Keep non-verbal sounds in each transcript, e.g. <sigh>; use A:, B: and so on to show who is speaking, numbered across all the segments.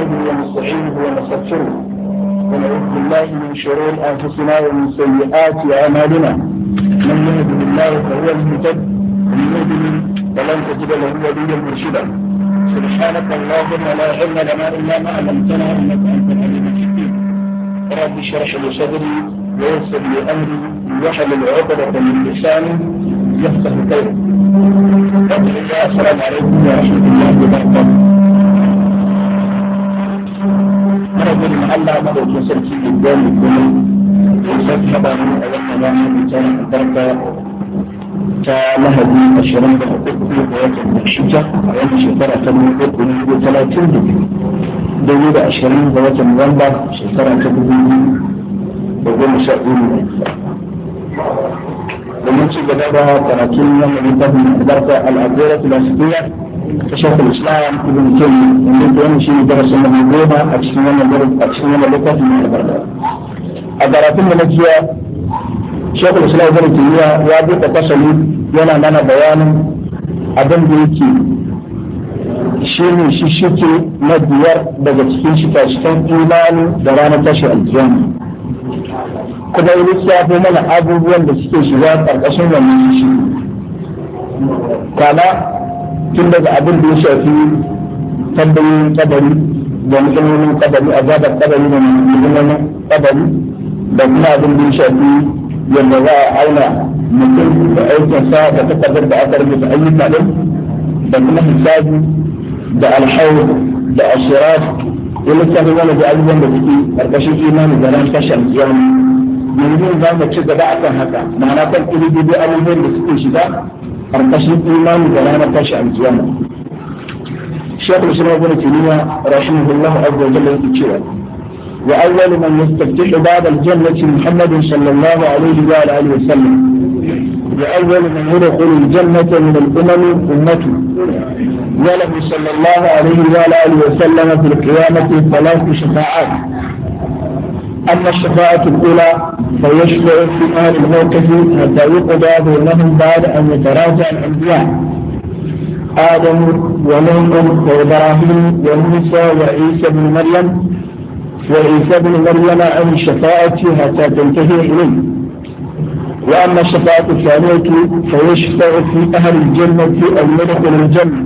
A: نحمده ونستعينه ونستغفره ونعوذ بالله من شرور انفسنا ومن سيئات اعمالنا من يهده الله فهو المهتد ومن يهده فلن تجد له وليا مرشدا سبحانك اللهم لا علم لنا الا ما علمتنا انك انت العليم الحكيم رب اشرح لي صدري ويسر لي امري ويحل عقدة من لساني يفقه
B: قولي السلام عليكم ورحمه الله وبركاته
A: mara gudun Allah madaukin sarki da gani kuma sosai na ba mu a wannan rana da ta albarka ta lahadi ashirin da uku ga watan da shija a wani shekara ta uku da talatin da biyu dubu da ashirin ga watan nuwamba shekara ta dubu da goma sha biyu domin ci gaba da karatun wannan littafin albarka al'adura filasitiya شيخ الاسلام ابن تيميه ومن تيميه شيء درس لنا جوما اكشننا درس ya لكتب من yana الدراسات bayanin شيخ abin da yake shi ne shi shike na biyar daga cikin shika-shikan imani da ranar tashi aljihani kuma yi lissafi mana abubuwan da suke shiga ƙarƙashin wannan shi kwana tun daga abin da ya shafi tambayoyin kabari da musulmanin kabari azabar kabari da musulmanin kabari da kuma abin da ya shafi yadda za a auna mutum da aikinsa da takardar da aka rubuta ayyuka din da kuma hisabi da alhawar da ashirar ya littafi wani da abubuwan da suke karkashin imani da ran tashar yanzu yanzu za mu ci gaba akan haka ma'ana kan iri abubuwan da suke shiga القصد الإيمان بلانا باشا عن زيانا الشيخ الإسلام ابن تيمية رحمه الله عز وجل يكتشير وأول من يستفتح باب الجنة محمد صلى الله عليه وعلى آله وسلم وأول من يدخل الجنة من الأمم أمته وله صلى الله عليه وعلى آله وسلم في القيامة ثلاث شفاعات أما الشفاعة الأولى فيشفع في أهل الموقف حتى يقضى بينهم بعد أن يتراجع الأنبياء آدم ونوح وإبراهيم وموسى وعيسى بن مريم وعيسى بن مريم عن الشفاعة حتى تنتهي إليه وأما الشفاعة الثانية فيشفع في أهل الجنة أن يدخل الجنة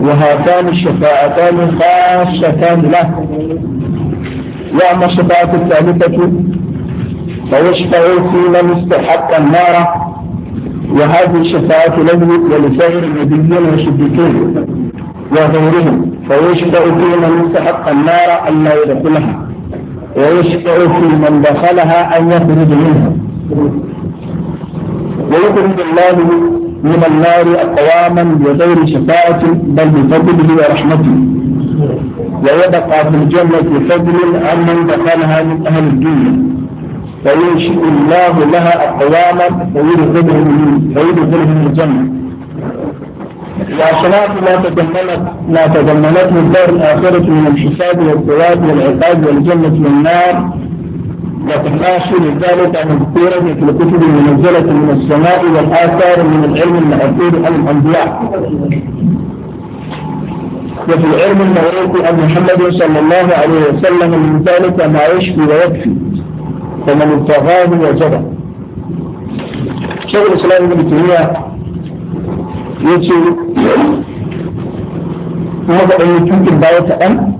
A: وهاتان الشفاعتان خاصتان له وأما الشفاعة الثالثة فيشفع في من استحق النار وهذه الشفاعة له ولسائر النبيين والصديقين وغيرهم فيشفع في من استحق النار أن لا يدخلها ويشفع في من دخلها أن يخرج منها ويخرج الله من النار أقواما بغير شفاعة بل بفضله ورحمته ويبقى في الجنة فضل عن من دخلها من أهل الدنيا فينشئ الله لها أقواما فيدخلهم فيدخلهم الجنة
B: وأخلاق ما تضمنت ما تضمنته الدار الآخرة من الحساب والثواب والعقاب والجنة والنار
A: وتحاشي ذلك مذكورا في الكتب المنزلة من السماء والآثار من العلم المأثور عن الأنبياء وفي العلم المعروف أن محمد صلى الله عليه وسلم من ذلك ما يشفي ويكفي فمن ابتغاه وجبه شيخ الإسلام ابن تيمية يجي هذا أن يمكن باية أن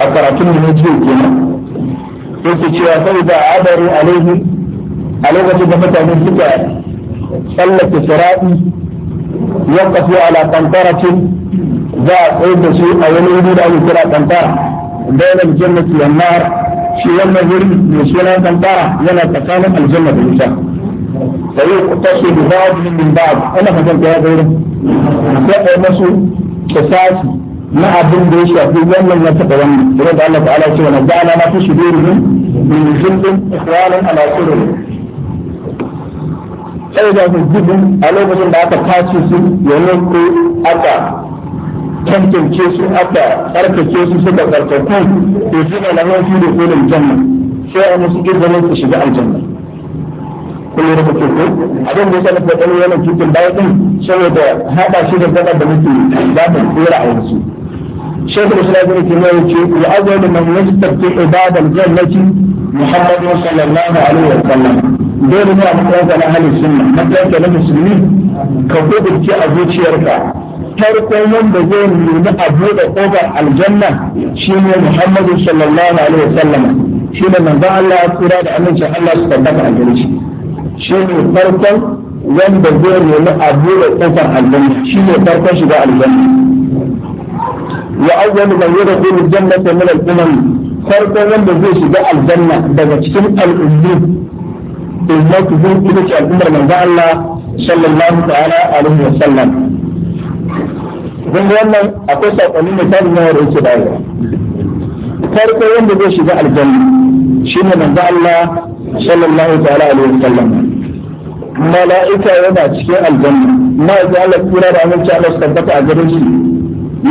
A: أقرأتم من الجنة يجي فإذا عبروا عليه على وجه دفتا من ذكر صلت سرائي يقف على قنطرة za a tsaye da su a wani wuri da ake kira kantara daular jannati wannan shi wannan wuri mai suna kantara yana tsakanin aljanna da wuta ويقتص ببعض من بعض انا فهمت هذا غيره sai masu kisasi na abin da ya shafi wannan ya taɓa wannan da Allah ta'ala cewa na da'ala na fi shudurihim min zulmin ikhwanan ala surur sai da su gudun a lokacin da aka tace su ya ko aka tantance su aka tsarkake su suka tsarkaku da suna lahon fi da kolin janna sai a musu izinin su shiga aljanna kun yi rubutu ko abin da yasa na faɗa ne wannan cikin baya saboda haɗa shi da gaba da muke zaɓin a yanzu شيخ الاسلام ابن تيميه يقول واول من يستفتح باب الجنه محمد صلى الله عليه وسلم دور ما مقاومه اهل السنه مقاومه المسلمين كفوت a zuciyarka. farkon wanda zai nuna a buɗe ƙofar aljanna shine Muhammadu sallallahu alaihi wa wasallam shine manzon Allah kira da amincin Allah su tabbata a gare shi shine farkon wanda zai nuna a buɗe ƙofar aljanna shine farkon shiga aljanna wa awwal man yadkhulu al-jannata min al-umam farkon wanda zai shiga aljanna daga cikin al-ummi ummatu ita ce al'ummar manzon Allah sallallahu ta'ala alaihi sallam. kun wannan akwai sakonni misali na wanda yake bayarwa farko wanda zai shiga aljanna ne manzo Allah sallallahu ta'ala alaihi wasallam mala'ika yana cikin aljanna Na ji Allah kira da aminci Allah su tabbata a garin shi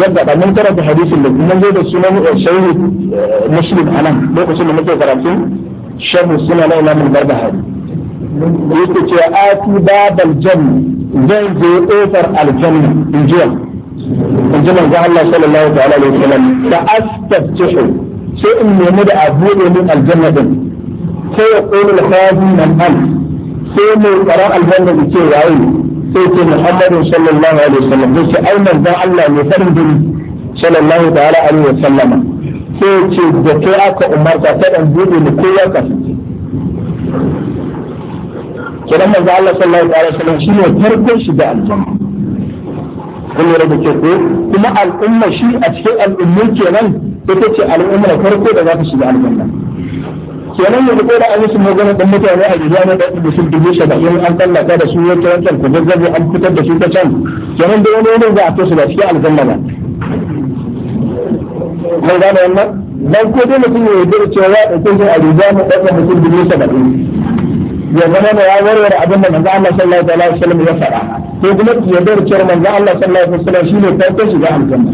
A: yadda ba mun karanta hadisin da kuma zai da sunan eh, shayi eh, a nan. lokacin da muke karatu shabu sunan na imam al-barbahari yake cewa ati babal janna زي زي اوفر الجنه الجيم الجنه قال الله صلى الله عليه وسلم فاستفتحوا سوء من ابوه من الجنه دي. سيقول الخازن من انت سيما قراء الجنة بكي وعين سيتي محمد صلى الله عليه وسلم بس أين ذا الله لفرد صلى الله عليه وسلم سيتي ذكرك أمرك تأذيب لكي يكفر kenan manzo Allah sallallahu alaihi wasallam shine farkon shiga aljanna kun lura da ko kuma al'umma shi a cikin al'ummai kenan ita ce al'umma farko da za ta shiga aljanna kenan yanzu ko da an musu maganar dan mutane a gida ne da sun dubu saba'in an tallata da su wata wancan ku zazzabi an fitar da su ta can kenan da wani wani za a to su ba cikin aljanna ba mun gane wannan dan ko dai mutum ya yarda da cewa ya dauke shi a gida na da sun dubu saba'in ya zama da ya warware abin da manzo Allah sallallahu alaihi wasallam ya faɗa ko kuma ki yadda cewa manzo Allah sallallahu alaihi wasallam shine farko shiga aljanna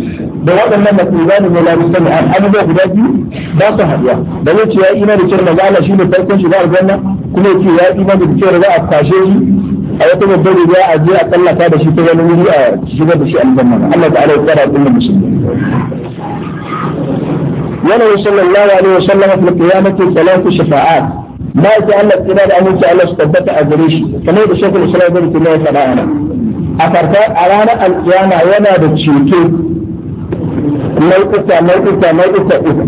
A: da waɗannan matsuban ne la musalli an abubuwa guda biyu ba su haɗuwa da zai ce ya ina da cewa manzo Allah shine farko shiga aljanna kuma ce ya ina da cewa za a kwashe shi a wata babbar riga a je a tsallaka da shi ta wani wuri a shigar da shi aljanna Allah ta'ala ya tsara kullum musulmi yana sallallahu alaihi wasallam fi qiyamati salatu shafa'at ما يسأل الله استناد أمين سأل الله استبتع أدريشي كما يقول الشيخ الإسلام يقول لك الله يسأل أنا أفرتا أرانا القيامة وما بتشيكي ميتة ميتة ميتة إذا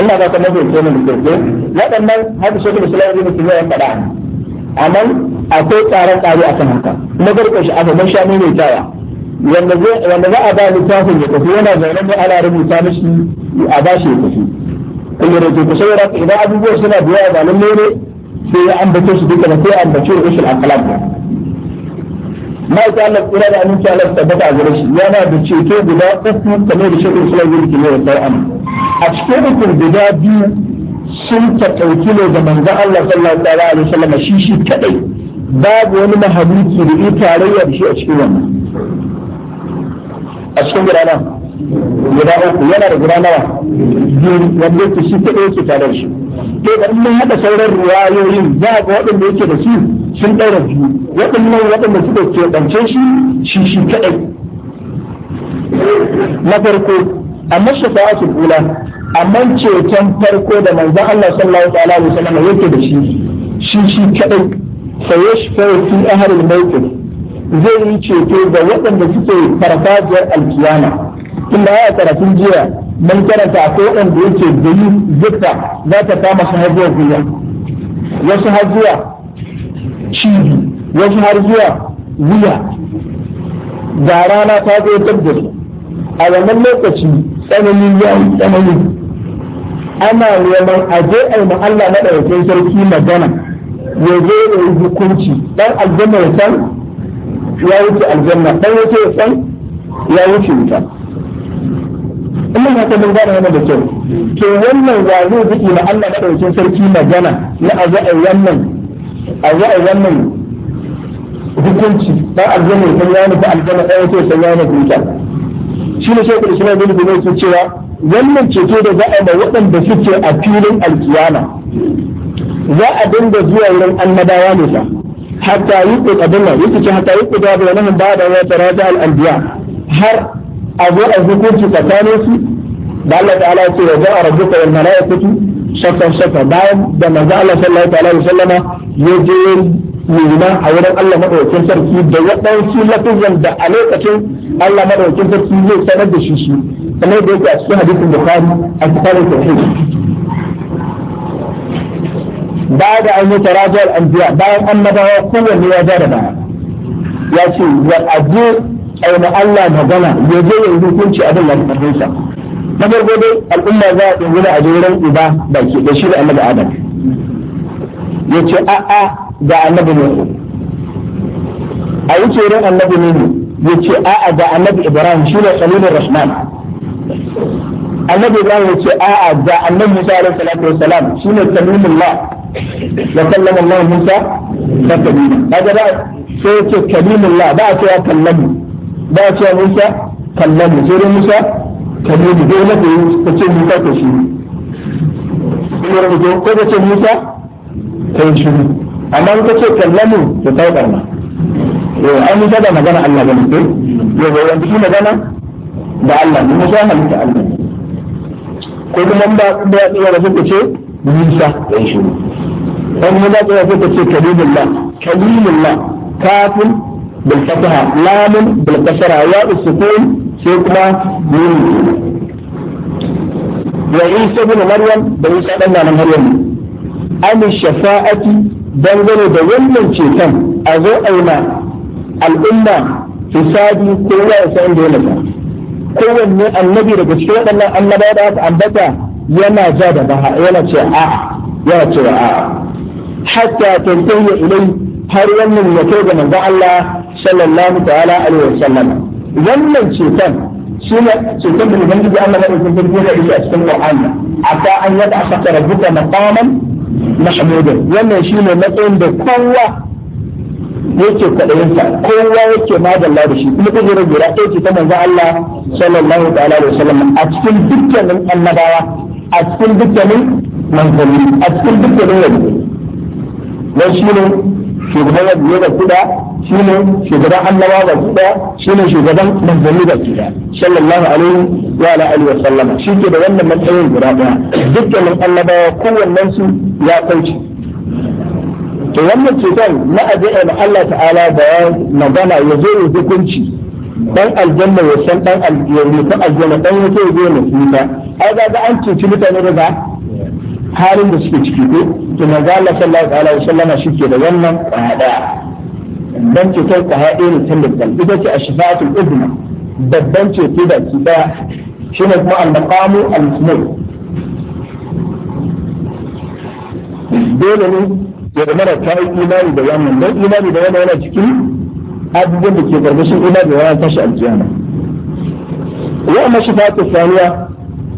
A: إلا ذا كما يقول الشيخ الإسلام لكن من هذا الشيخ الإسلام يقول لك الله يسأل أنا أمن أتوت أرانا قاري أسنى هكا ما قلت أشياء أبو من شامين يتايا وانا ذا أبا لتاهم يتفي وانا زينا على رمي تامشن أباشي يتفي bayyana to ku saboda idan abubuwa suna da yawa ba lalle ne sai ya ambace su duka da sai ya ambace usul akhlaq ma ta Allah kura da aminci Allah tabbata a gare shi yana da ceto guda uku kamar da shekul sulaiman yake ne da an a cikin ukun guda biyu sun ta dauki ne da manzon Allah sallallahu alaihi wasallam shi shi kadai babu wani mahaluki da ita tarayya da shi a cikin wannan a cikin gudanar guda uku yana da guda nawa biyu wanda yake shi kaɗai yake tare da shi to da in haka sauran ruwayoyin za a ga waɗanda yake da su sun ɗaura biyu waɗannan waɗanda suka ke ɗance shi shi shi kaɗai na farko amma shafa'atul ula amma ceton farko da manzon Allah sallallahu alaihi wasallam yake da shi shi shi kaɗai fa yashfa'u fi ahli al-mawqif zai yi ceto ga waɗanda suke farfajiyar alkiyama tun da ya karatun jiya mun karanta akwai wanda yake gari zikra za ta kama su har zuwa gwiwa wasu har zuwa cibi wasu har zuwa wuya da rana ta zo tabbata a wannan lokaci tsananin ya yi tsananin ana neman a je a yi Allah na ɗaukin sarki magana ya zo ya hukunci ɗan aljanna ya san ya wuce aljanna ɗan wuce ya san ya wuce wuta ina ba ta mun gane da kyau to wannan wa zai ziki na Allah madaukakin sarki magana na a za'a wannan a wannan hukunci dan aljanna ya sanya ni ko aljanna sai ce sanya ni kuta shi ne shekul islam bin bin yake cewa wannan ceto da za a da waɗanda suke a filin alkiyama za a dinga zuwa wurin annabawa ne fa hatta yi ko kadin nan yake ce hatta yi ko da wannan ba da wata raja al-anbiya har أبو أبوك تتكالس بل تعالى وجاء ربك والملائكة شفا شفا بعد دم زعل صلى الله عليه وسلم يجي نينا حول الله مرة وكين سركي دي يقنا يسير لكين دا عليك أشين الله مرة وكين سركي يجي سند شيشي كما يجي أسفين حديث البخاري أكتال التوحيد بعد أن يتراجع الأنبياء بعد أن نبغى قوة ليا جاربا يأتي يأجي aina Allah magana ya je ya hukunci abin da karfinsa na farko dai al'umma za a dingina a jirgin uba baki da shi da annabi adam ya ce a'a ga annabi ne a yi tsoron annabi ne ya ce a'a ga annabi ibrahim shi ne tsalilin rahman annabi ibrahim ya ce a'a ga annabi musa alaihi salatu wassalam shi ne kalimullah wa kallama allah musa ta kalima kaga ba sai ya ce kalimullah ba a cewa kallamu ba cewa Musa kallamu sai dai Musa ne da dole da ta ce Musa ka shi kuma da ko ko ce Musa kai shi amma ka ce kallamu da kai barna yau eh, an Musa da magana Allah bane ne, yau bai yanzu magana da Allah ne Musa halitta Allah ko kuma ba da ya tsaya da suka ce Musa kai shi dan mu da ya suka ce kalimullah kalimullah kafin بالفتحة لام بالكسرة ياء السكون سكنة من وعيسى بن مريم بعيسى بن مريم أم الشفاعة دنجل دول من شيطان أزو أيما الأمة فسادي كوة سعيد ولدها كوة من النبي رجل شكرا لنا أن نبادات عن بكى يما زاد بها يما تشعى آه. يما تشعى آه. حتى تنتهي إليه هر من يكيد من الله sallallahu ta'ala alaihi wa sallam wannan ceton shi ne ceton da ubangiji Allah ya dauki sarki da shi a cikin Qur'ani hatta an yada asaka rabbuka maqaman mahmudan wannan shi ne matsayin da kowa yake kwaɗayinsa kowa yake ma da shi kuma kujerar guda ɗaya ce ta manzo Allah sallallahu ta'ala alaihi wa sallam a cikin dukkanin annabawa a cikin dukkanin manzanni a cikin dukkanin wani wani shi ne shugaban yabiye da kuda shi shugaban annaba da kuda shi ne shugaban manzanni da kuda sallallahu alaihi wa ala alihi wa sallama shi ke da wannan matsayin guda daya dukkanin annabawa kowannen su ya kauce to wannan ceton na ajiyar Allah ta'ala da ya magana ya zo ya hukunci dan aljanna ya san dan aljanna dan aljanna dan yake zo ne fita ai ga an ceci mutane daga halin da suke ciki ko to manzo Allah sallallahu alaihi wasallam shi ke da wannan kwada dan ce kai kwada ne tallafin ita ce ashfa'atul ibna babban ce ke da ki da shine kuma al-maqamu al-muslim dole ne ya da mara ta imani da wannan dan imani da wannan yana cikin abubuwan da ke karkashin imani da wannan tashi aljiyana wa amma ta thaniya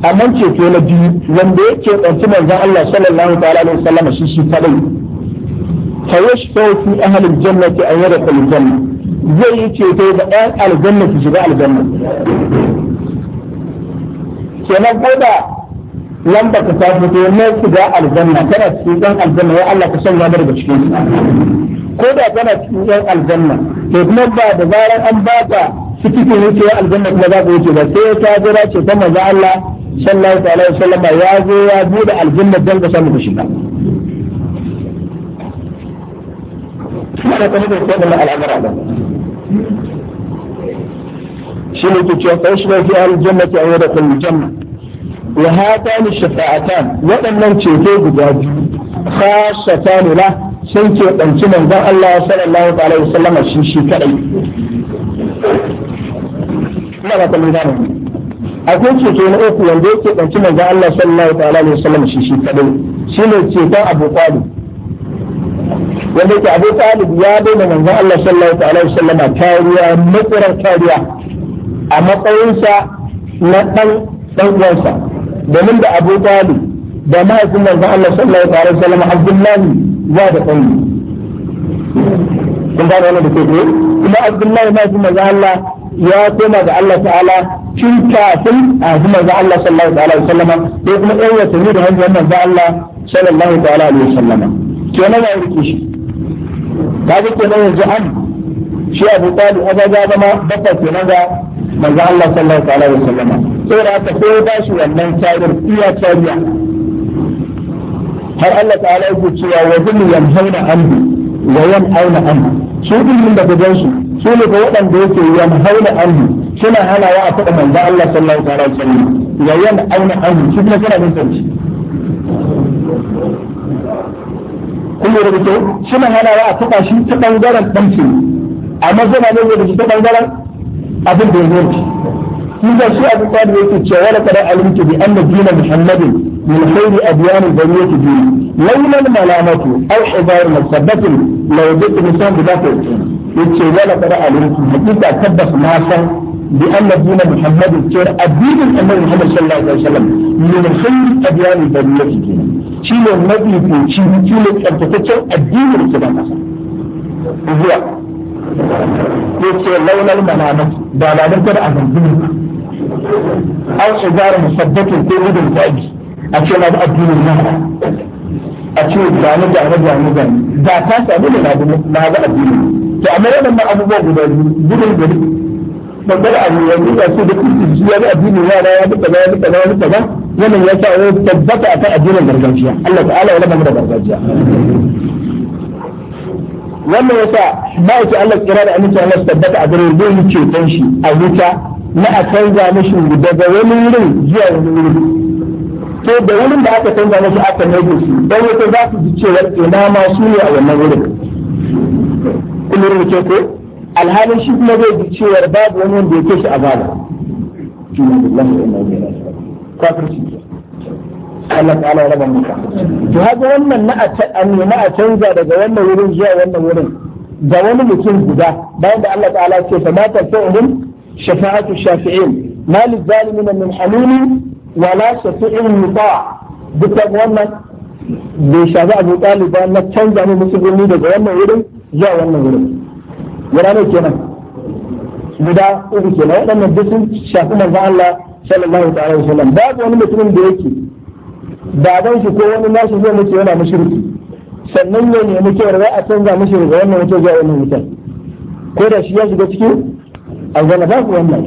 A: amma ceto na biyu wanda yake ɗauki manzon Allah sallallahu ta'ala alaihi wasallam shi shi kadai fa yashfa'u fi ahli al-jannati an yadkhulu al-janna zai yi ceto da ɗan aljanna su shiga aljanna kenan ko da lamba ka ta fito na shiga aljanna kana cikin ɗan aljanna ya Allah ka sanya mu daga cikin ko da kana cikin ɗan aljanna to kuma ba da zaran an ba baka ciki ke wuce aljanna kuma za ku wuce ba sai ta jira ce ta manzo Allah sallallahu alaihi wasallam ya zo ya bude aljanna dan ka samu ku shiga kada ka mutu ko da al'amara ba shi ne ke cewa kai shiga fi aljanna ta ayyada kun janna wa hatani shafa'atan waɗannan ceto guda biyu khasatan lahu sai ke ɗauki manzon Allah sallallahu alaihi wasallam shi shi kadai ina ba ta mun gane akwai ceto na uku wanda yake ɗauki manzon Allah sallallahu alaihi wasallam shi shi kadai shine ceton Abu Talib wanda yake Abu Talib ya daina manzon Allah sallallahu alaihi wasallam kariya matsarar kariya a matsayinsa na ɗan ɗan uwansa domin da Abu Talib da mahaifin manzon Allah sallallahu alaihi wasallam Abdullahi ba da tsayi kun ba da wannan da ke kuma abdullahi ma ji maza Allah ya koma ga Allah ta'ala tun kafin a ji maza Allah sallallahu ta'ala alaihi sallama, ko kuma ɗan tafi da hanyar maza Allah sallallahu ta'ala alaihi Ke kenan ya rike shi ka ga kenan yanzu an shi abu talib aza ya zama bafa kenan ga maza Allah sallallahu ta'ala alaihi sallama. saboda haka sai ya ba shi wannan tsarin iya tsariya har Allah ta'ala yake cewa wa hum yanhauna anhu wa yan'auna anhu su din da gaban su su ne ga waɗanda yake yanhauna anhu suna halawa a faɗa manzo Allah sallallahu alaihi wasallam wa yan'auna anhu shi ne kana bin tanci kun lura da kyau suna halawa a faɗa shi ta bangaren tanci amma zama ne da ta bangaren abin da ya zo إذا شاء أبو طالب يكتب شوالة لا علمت بأن دين محمد من خير أديان البرية دين لولا الملامة أو حضار مصبة لو جئت نسان بذات يكتب شوالة لا علمت حتى أكبس ناسا بأن دين محمد خير الدين الأمر محمد صلى الله عليه وسلم من خير أديان البرية دين شيل النبي في شيل شيل أنت تتشو الدين الكلام هذا yace launar malamai da ba da kada a zanzuni aw shigar musaddatin ko gudun zagi a ce na da addinin nan a ce da ni da ni da da ta samu da na da addini to amma wannan abubuwa guda gudun gari babbar abu yanzu ga su da kusur su ya bi addinin yara ya duka kaza ya bi kaza ya bi kaza wannan ya sa ya tabbata akan addinin gargajiya Allah ta'ala ya lamar da gargajiya wannan yasa ba yake Allah kira da aminci Allah su tabbata a gare zai yi ceton shi a wuta na a canza mishi daga wani wurin zuwa wani wuri to da wurin da aka canza mishi aka nage shi dan wata za su ji cewa ina ma su ne a wannan wurin kullum ke ko alhalin shi kuma zai ji cewa babu wani wanda yake shi a bala kafirci Allah ta'ala ya raba muka to haka wannan na a canza daga wannan wurin zuwa wannan wurin da wani mutum guda bayan da Allah ta'ala ce fa mata fa'ulun shafa'atu shafi'in ma lizalimin min haluli wala shafi'in muta dukkan wannan bai shafi abu ɗaliba na canza ne musulmi daga wannan wurin zuwa wannan wurin yana ne kenan guda uku kenan waɗannan duk sun shafi manzo Allah sallallahu ta'ala wa wasallam babu wani mutumin da yake baban shi ko wani nashi zai mace yana mushriki sannan ya nemi kyau za a canza mishi daga wannan wutar zuwa wannan wutar ko da shi ya shiga cikin aljanna ba ku wannan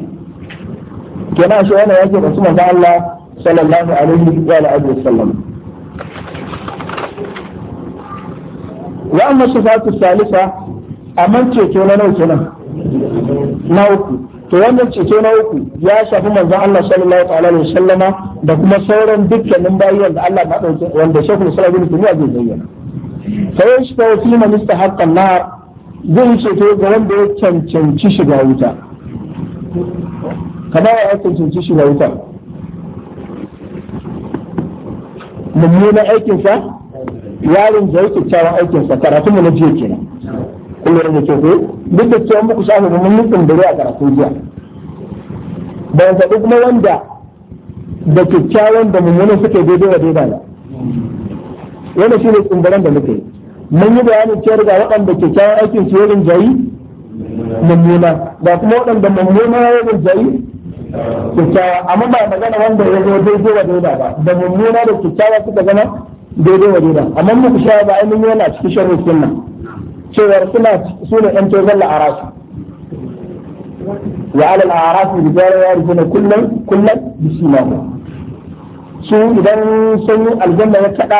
A: kenan shi wannan yake da sunan Allah sallallahu alaihi wa alihi wasallam wa amma sifatu salisa amma ke na nauke nan na uku to wannan ceto na uku ya shafi manzon Allah sallallahu ta'ala alaihi sallama da kuma sauran dukkanin bayyan da Allah ma dauke wanda Sheikhul Islam Ibn Taymiyyah zai bayyana sai shi ta fi man istahaqqa nar zai ceto ga wanda ya cancanci shiga wuta kamar ya cancanci shiga wuta mummuna aikin sa yarin da yake cewa sa karatu mu na jiya kenan kullum da ke ko duk da cewa muku shafi domin mun tsundare a karatun jiya ban zaɓi kuma wanda da kyakkyawan da mummuna suke daidai wa daidai ba wanda shi ne tsundaren da muke mun yi bayani cewa daga waɗanda kyakkyawan aikin su yawan jayi mummuna ba kuma waɗanda mummuna yawan jayi kyakkyawa amma ba magana wanda ya zo daidai wa daidai ba da mummuna da kyakkyawa suka gana daidai wa daidai amma muku shafi ba ai mun yana cikin shirin sunna cewar suna su ne ɗan tozon la'arasu wa alal arasu rijalar ya rufina kullum kullum bisimahu su idan sanyin aljanna ya kaɗa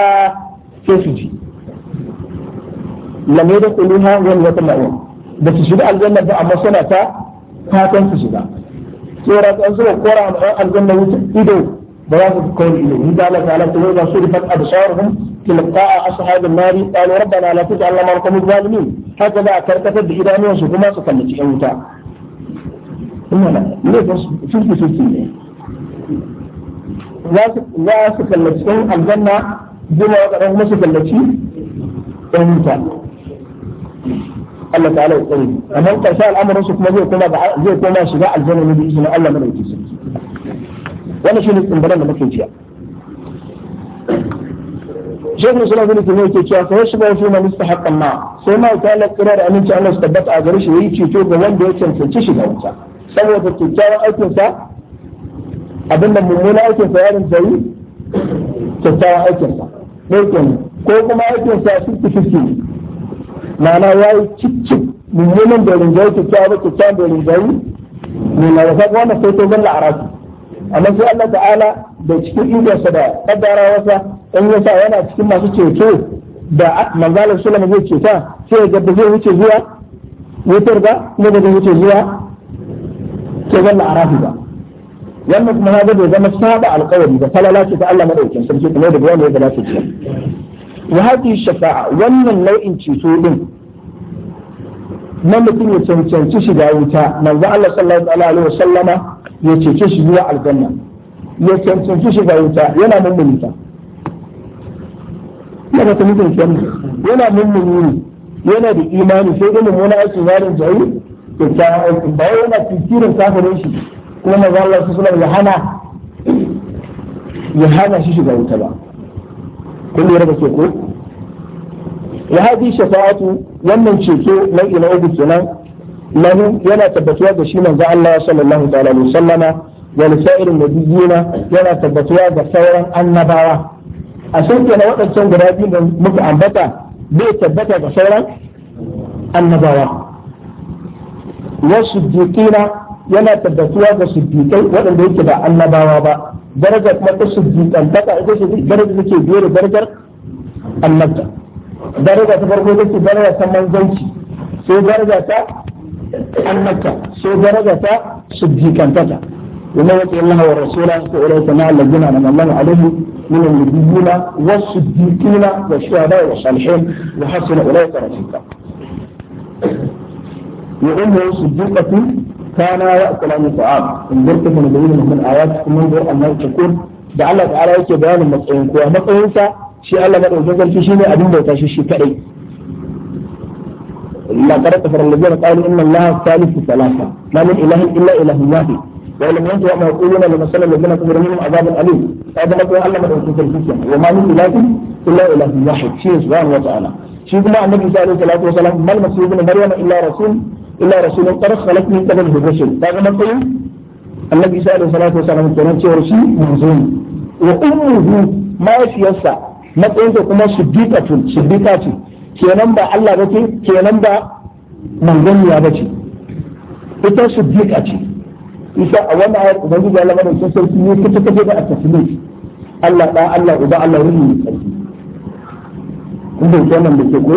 A: sai su ji lamai da kuluha wani wata ma'un ba su shiga aljanna ba amma suna ta fatan su shiga tsoron an zuwa kora a aljanna wuce ido ba za su kawo ido ni da Allah ta'ala ta wai ba su rifat absarhum تلقاء أصحاب النار قالوا ربنا لا تجعلنا مع القوم الظالمين هكذا تركت بإيران وسكما تصلي في حيوتا إنما ليس في السنة لا تصلي في الجنة بما رغم سكلتي حيوتا الله تعالى يقول أمن قد سأل أمر رسوك مجيء كما زيء كما شباء الجنة من الله من الجنة وأنا شو نستنبرنا مكين فيها shekul islam bin kuma yake cewa kawai shi ba shi na lista haƙƙan ma sai ma ta ala kirar aminci Allah su tabbata a gare shi yayi ceto ga wanda ya cancanci shiga wuta saboda kyakkyawan aikinsa abin da mummuna aikinsa ya rinta yi kyakkyawan aikinsa ɗaukin ko kuma aikinsa fifty fifty ma'ana ya yi cicci mummunan da rinjaye kyakkyawan kyakkyawan da rinjaye ne na wasa ga wannan sai to zalla a rasu amma sai Allah ta'ala da cikin ikonsa da kaddarawarsa in ya sa yana cikin masu ceto da manzalar sulam zai ceta sai ya ba zai wuce zuwa wutar ba ne da zai wuce zuwa ke zalla a rafi ba wannan kuma na bai zama saba alkawari da falala ce ta Allah madaukin sarki kuma da bayan da ya gabata ce wa hadi shafa'a wannan nau'in ceto din na mutum ya cancanci shiga wuta manzo Allah sallallahu alaihi wasallama ya cece shi zuwa aljanna ya cancanci shiga wuta yana mummuni ta yana ta mutum kenan yana mummuni ne yana da imani sai da mummuna aikin yarin jayi da kyawun aikin ba yana tisirin kafirin shi kuma manzo Allah sallallahu alaihi ya hana ya hana shi shiga wuta ba kun lura da ke ko وهذه شفاعة لما نشيكو ما إلى أبو الثنان له ينا تبتوا ذا شيما ذا الله صلى الله عليه وسلم ولسائر النبيين ينا تبتوا ذا ثورا النبارة أشان كان وقت الشان جرادي من مكعن بطا بي تبتوا ذا ثورا النبارة والصديقين ينا تبتوا ذا صديقين وقت الذي يتبع النبارة درجة ما تصديق أن بطا إذا شديد درجة كبيرة درجة النبارة daraja ta farko ita ce daraja ta manzanci sai daraja ta annabta sai daraja ta siddiqantaka ومن يطع الله ورسوله فاولئك مع الذين انعم الله عليهم من النبيين والصديقين والشهداء والصالحين وحسن اولئك رفيقا. وامه صديقه كان ياكل من الطعام انظرت من بين من اياتكم انظر انه تكون da Allah ta'ala yake bayanin matsayin kowa matsayinsa shi Allah madaukakin sarki shine abin bauta shi shi kadai لا قد كفر الذين قالوا ان الله ثالث ثلاثه ما من اله الا اله واحد ولم ينتهوا ما يقولون لما سلم الذين كفروا منهم عذاب اليم هذا ما تقول الله مدعو في الفتن وما من اله الا اله واحد شيء سبحانه وتعالى شيء كما النبي صلى الله عليه وسلم ما المسيح ابن مريم الا رسول الا رسول قد خلت من قبله الرسل هذا ما تقول النبي صلى الله عليه وسلم كان شيء رسول منزول وامه ما في يسع matsayinsa kuma siddiqatun siddiqa ce kenan ba Allah bace kenan ba ba bace ita siddiqa ce isa a wannan ayat ubangiji Allah sun sarki ne kuta kace da at-taslim Allah da Allah uba Allah ruhi sarki kun bai nan da ke ko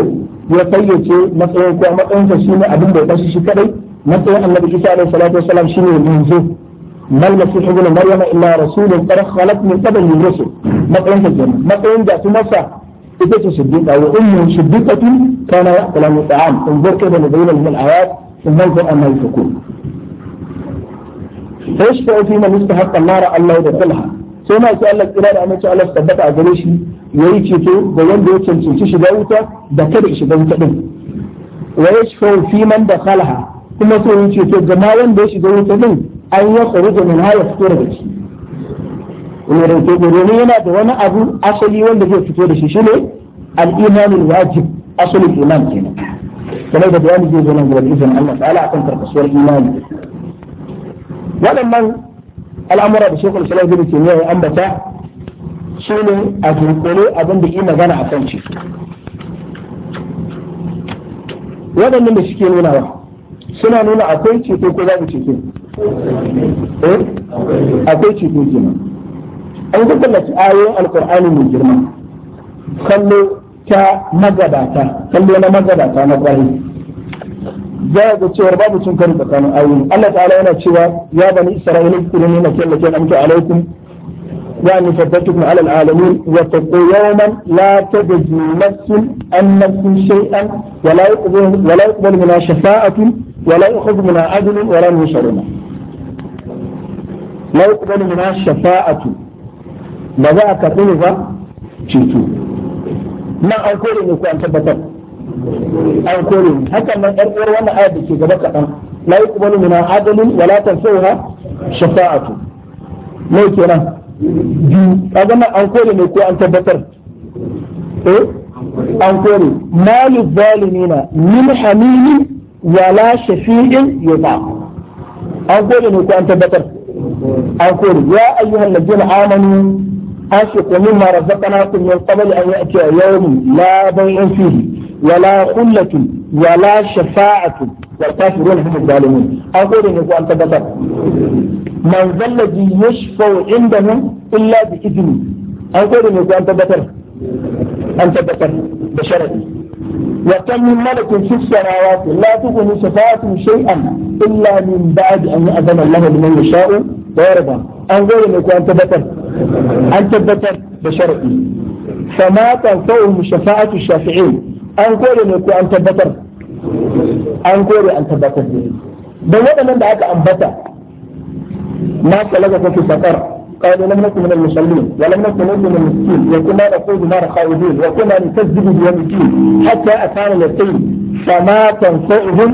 A: ya fayyace matsayin ko matsayinsa shine abin da ya tashi shi kadai matsayin Annabi Isa alaihi salatu wasalam shine manzo ما المسيح ابن مريم الا رسول قد خلت من قبل الرسل ما كان في الجنه ما كان جاءت مصر ابنه صديقه وامه صديقه كان ياكل الطعام انظر كيف نبين من الايات ثم انظر اما تكون فيشفع في من يستحق النار ان لا يدخلها ثم يسال الى ان شاء الله استبقى جريشي ويجي تو ويوم يوتن في من دخلها kuma sai yi ceto gama wanda ya shiga wuta din an yi ya kharuja min haya fito daga ciki kuma da ke domin yana da wani abu asali wanda zai fito da shi shine al-iman wajib asalin iman kenan kuma da bayani zai zo nan da izinin Allah ta'ala akan karkasuwar imani waɗannan al'amura da shekul salam zai ke ne ambata shi ne a dunkule abin da yi magana a kan ce waɗannan da suke wa suna nuna akwai ceto ko babu ceto eh akwai ceto kenan an ga tallafi ayoyin alqur'ani mai girma kallo ta magabata kallo na magabata na kwarai za ga cewar babu cin karin tsakanin ayoyi Allah ta'ala yana cewa ya bani isra'ila kuru ne na kallake amtu alaikum wa an faddatukum ala alalamin wa taqu yawman la tajzi nafsun an nafsun shay'an wa la yuqbalu minha shafa'atun ولا يأخذ منها عدل ولا ينشرنا لا يقبل منها شفاعة ba za a karɓi ne ba na an kore ne an tabbatar an hakan nan ɗan uwar wannan ayat da ke gaba kaɗan la yuqbalu min adalin wa la tanfa'uha shafa'atu biyu ko an tabbatar eh ولا شفيع يطاع أقول إنك أنت ko أقول يا أيها الذين آمنوا ayyuhal أنفقوا مما رزقناكم من قبل أن يأتي يوم لا بيع فيه ولا خلة ولا شفاعة والكافرون هم الظالمون أقول إنك أنت بدر من ذا الذي يشفع عنده إلا بإذنه أقول إنك أنت بدر أنت بدر بشرتي وكم من ملك في السماوات لا تغني شفاعتهم شيئا الا من بعد ان ياذن الله لمن يشاء ويرضى ان غير انك انت تبتر ان تبتر بشرعي فما تنفعهم شفاعه الشافعين ان غير انك ان تبتر ان غير an tabbatar بل don من بعد ان ambata ما سلكك في سفر قالوا لم نكن من المصلين ولم نكن نؤمن المسكين وكنا نقود نار خائبين وكنا نكذب بيوم الدين حتى اتانا اليقين فما تنفعهم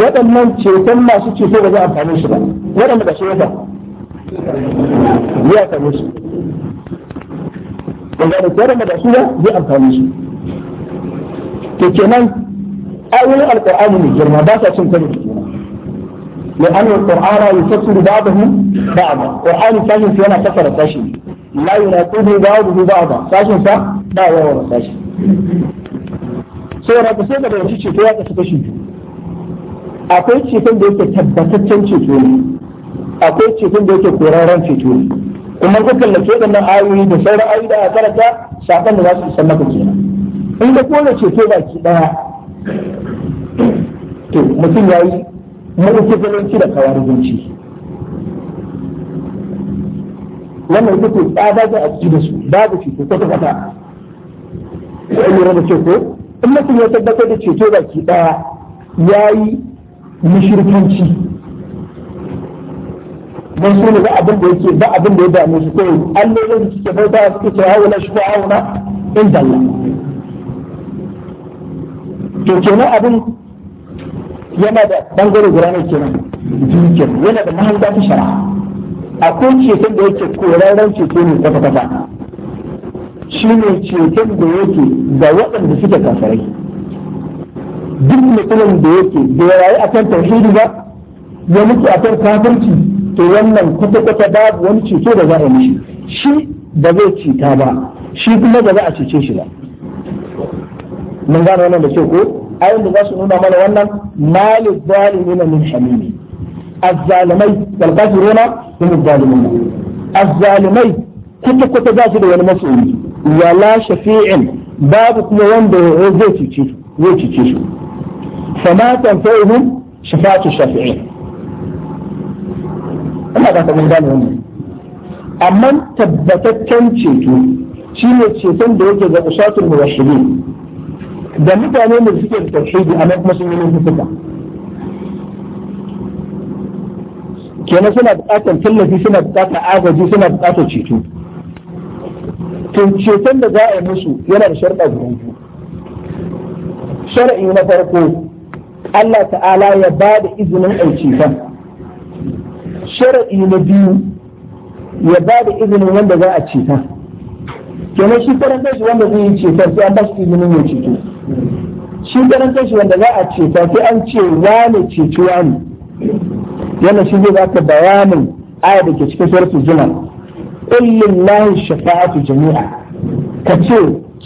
A: waɗannan ceton masu ceto ba zai amfani shi ba waɗanda ba shi ya ba zai amfani shi daga da tsere da su ba zai amfani shi to kenan ayoyin alƙur'ani ne girma ba sa cin karo لأن القرآن يفسر بعضه بعضا القرآن ساجن فينا سفر ساجن لا يناقض بعضه بعضا ساجن سا لا يورا ساجن سورة بسيطة بيجي شيء فيها تفتشن أقول شيء فين بيجي تبتت تنشي تولي أقول شيء فين بيجي قرارن شيء تولي كما قلت لك هذا ما آيوني بسورة آيدا أترك شعبان الواسع سمكو كينا إنك ولا شيء فيها كي بها تو مثل يعيش mu'tazilanci da kawarijinci wannan ita ce tsada ga a ciki da su babu shi ko kwata kwata sai lura da ko in mutum ya tabbatar da ceto baki daya yi mushrikanci don su ne ba abin da yake ba abin da ya dame su kawai allolin da suke bauta suke cewa wala shi ba auna in dalla to kenan abin yana da bangare guda ne ke nan jirgin yana da mahanga ta shara akwai ceton da yake koraren ceto ne kafa kafa shi ne ceton da yake ga waɗanda suke kasarai duk mutumin da yake da ya rayu akan tauhidi ba ya mutu akan kafirci to wannan kwata-kwata babu wani ceto da za a mishi shi ba zai cita ba shi kuma ba za a cece shi ba mun gane wannan da ke ko ayin da za su nuna mana wannan malil zalimina min hamimi azzalimai wal kafiruna hum zalimuna azzalimai kuta kuta za su da wani masoyi la shafi'in babu kuma wanda zai cice zai cice su fama tanfa'uhum shafa'atu shafi'in ina ba ta mun gane wannan amma tabbataccen ceto shine ceton da yake ga usatul muwahhidin da mutane da suke da tauhidi amma kuma sun yi laifuka kenan suna buƙatar tallafi suna buƙatar agaji suna buƙatar ceto to ceton da za a yi musu yana da sharɗa guda shar'i na farko Allah ta'ala ya ba da izinin a ceton shar'i na biyu ya ba da izinin wanda za a ceta kenan shi karan kai shi wanda zai yi ceta sai an ba shi izinin ya ceto shi karan kai shi wanda za a ceta sai an ce wane ceci wani yana shi zai zaka bayanin aya da ke cikin suratul zumar kullum lahi shafa'atu jami'a ka ce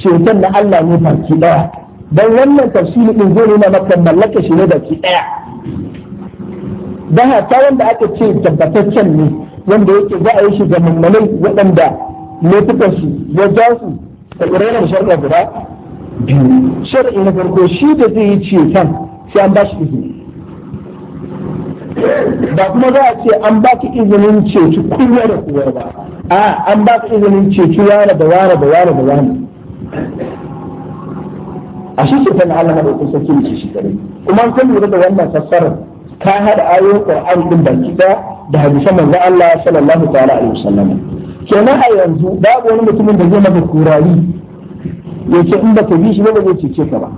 A: ceton na Allah ne farki daya dan wannan tafsiri din zai nuna maka mallaka shi ne baki daya dan hata wanda aka ce tabbataccen ne wanda yake za a yi shi ga mummunai waɗanda laifukan su ya ja su da shari'a sharɗa guda biyu shari'a na farko shi da zai yi kan sai an ba shi izini ba kuma za a ce an ba ki izinin ceci kunya da kuwar ba a an ba ki izinin ceci yara da yara da yara da yara, a shi ce kan Allah da kusa ke ce shi kare kuma an kan lura da wannan fassarar ka hada ayoyin Qur'an din baki da da hadisan manzo Allah sallallahu ta'ala alaihi wasallam kenan a yanzu babu wani mutumin da zai maka kurari ya ce in ba baka bi shi ba zai cece ka ba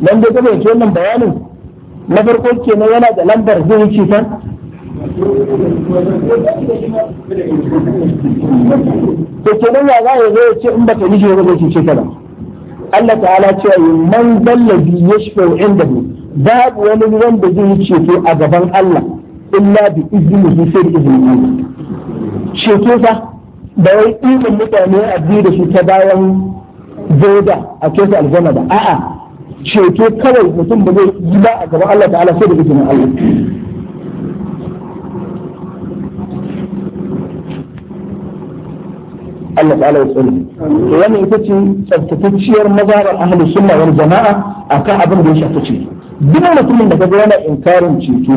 A: nan dai kuma yake wannan bayanin na farko kenan yana da lambar zai yi cutar to kenan ya za zai ce in ba baka bi shi ba zai cece ka ba Allah ta'ala cewa yi man dallabi ya shi inda babu wani wanda zai yi ceto a gaban Allah illa bi izini sai izinin Allah sheke fa da wai ɗimin mutane a biyu da shi ta bayan zoda a kesa aljanna ba a'a ceto kawai mutum ba zai yi ba a gaban Allah ta'ala sai da izinin Allah Allah ta'ala ya tsare to wannan ita ce tsaftatacciyar mazhabar ahlus sunna wal jama'a akan abin da ya shafi ceto duk mutumin da kaga yana inkarin ceto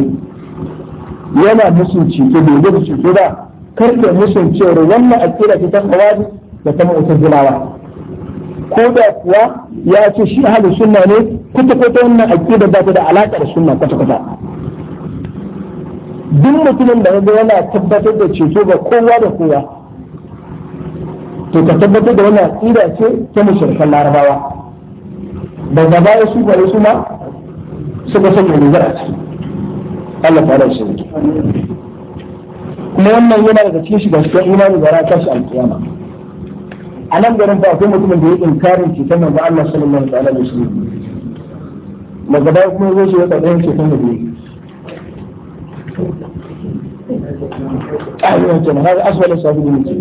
A: yana musun ceto bai da ceto ba karke musu cewa wannan akida ce ta hawari da ta mu'tazilawa ko da kuwa ya ce shi ahlus sunna ne kuta kuta wannan akida ba ta da da sunna kwata kwata duk mutumin da ga yana tabbatar da ceto ga kowa da kowa to ka tabbatar da wannan akida ce ta mushrikan larabawa daga baya su bare su ma suka sanya rigar a ciki Allah ta da shi kuma wannan yana daga cikin shiga cikin imani da rata shi alkiyama a nan garin ba akwai mutumin da ya inkarin ceton manzo Allah sallallahu alaihi wasallam daga baya kuma zai shi ya tsaye ceton da ne ƙari wancan na haka aswala shafi da mutu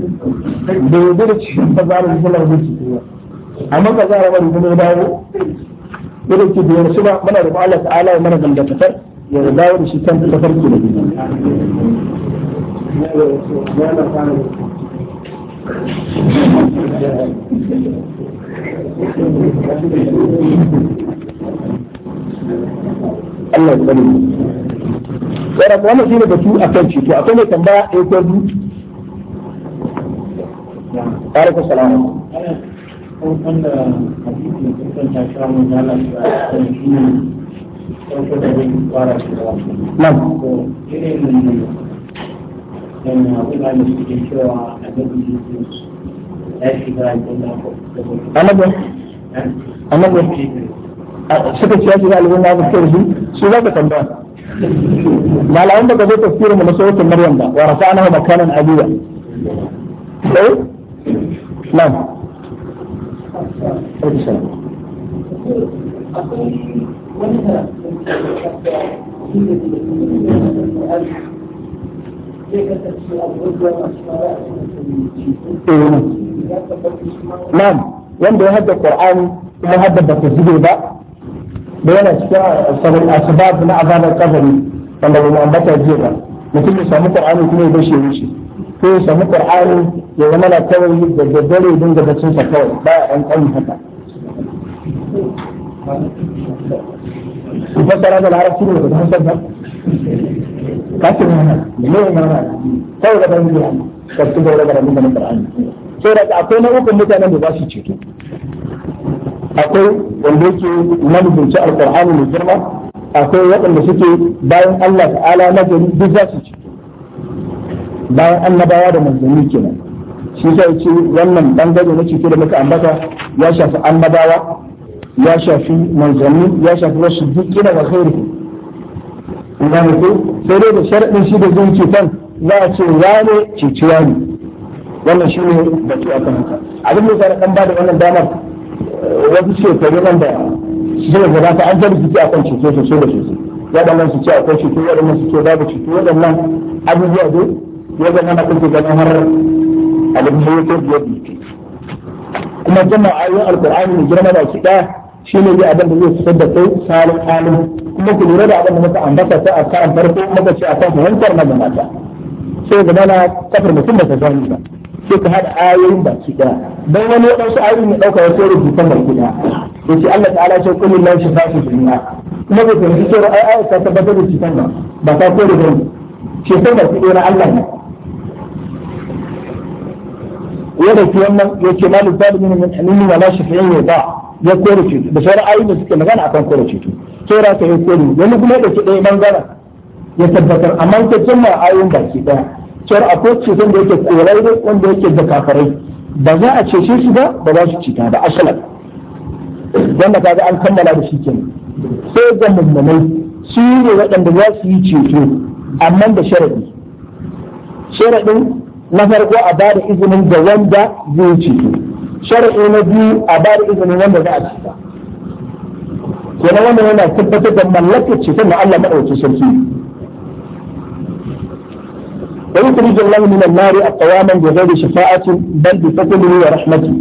A: da ya zira cikin bazarar zunar da ke amma ba za a rabar kuma ya dawo ya dauke da yarsu ba muna da Allah ta'ala ya mana dangantakar ya dawo da shi kan tafarki da biyu Allah ya Yara kuma shi ne batu a kan ceto, akwai mai tambaya ɗaya eh, ko biyu. Tare salama. Wanda hadisi ne kusan ta kira mun lalata a kan annabi suka ce ya shiga al'umma ba ta rubu su za ka tambaya malamin da ka zo tafsirin mu na sautin maryam ba wa rafa'ana makanan abiya sai nan wani
B: zai kasance a gudu
A: a eh. wanda ya hadda Qur'ani kuma hadda ba ta zube ba, da yana cikin sabon asibab na azabar kabari wanda ba mu ambata jiya ba. Mutum ya samu Qur'ani kuma ya bashi ya wuce. Ko ya samu Qur'ani ya zama na kawai da daddare don gabacin sa kawai ba a ɗan haka. masara da larabci ne da kuma sabbar kasin mana ne na sai da ban biya ka da gaba da rubuta na Qur'ani sai da akwai nau'ukan mutanen da ba su ceto akwai wanda yake manubinci alqur'ani mai girma akwai waɗanda suke bayan Allah ta'ala na gari duk za su ceto bayan annabawa da manzanni kenan shi sai ce wannan bangare na ceto da muka ambata ya shafi annabawa ya shafi manzanni ya shafi wasu dukkan wa khairi ina ne ko sai dai da sharadin shi da zan cetan za a ce wane ceci wani wannan shi ne da batu akan haka abin da ya ba da wannan damar eh, wasu shekaru nan da shi zai ta an zargi akan ceto sosai da sosai waɗannan su ce akwai cutu waɗannan su ce babu cutu waɗannan abubuwa dai ya zama na kuke ganin har abin da ya ke biyar kuma jama'a ayoyin alkur'ani mai girma da ki ɗaya shi ne zai abin da zai fitar da kai salin halin kuma ku lura da abin da muka ambata ta a karan farko muka ce akan fahimtar magabata sai ga mana kafar mutum ba ta sani ba sai ka haɗa ayoyin baki ɗaya don wani waɗansu ayoyin ya ɗauka wasu rubutan baki ɗaya ya ce Allah ta'ala ce kullum lan shi fasu duniya kuma bai fahimci cewa ai ai ta tabbatar da cutan ba ba ta kore ba cutan baki ɗaya na Allah ne ya dauki wannan ya ce malu zalimin min hamimi wa la shafi'in ba ya kore cutu da sauran ayoyi da suke magana akan kore cutu saura ka ya kore wani kuma da ke ɗaya bangaren ya tabbatar amma ta jama ayoyin baki ɗaya cewar akwai cutar da yake korai wanda yake da kafarai ba za a cece shi ba ba za su cita ba asalan wanda kaga an kammala da shi kenan sai ga mummunai su ne waɗanda za su yi ceto amma da sharaɗi sharaɗin. na farko a bada izinin da wanda zai ciki shar'i na biyu a bada izinin wanda za a cika kenan wannan yana tabbatar da mallakar cikin na Allah maɗauki sarki shafa'ati الله من النار أقواما بغير شفاعة بل بفضله ورحمته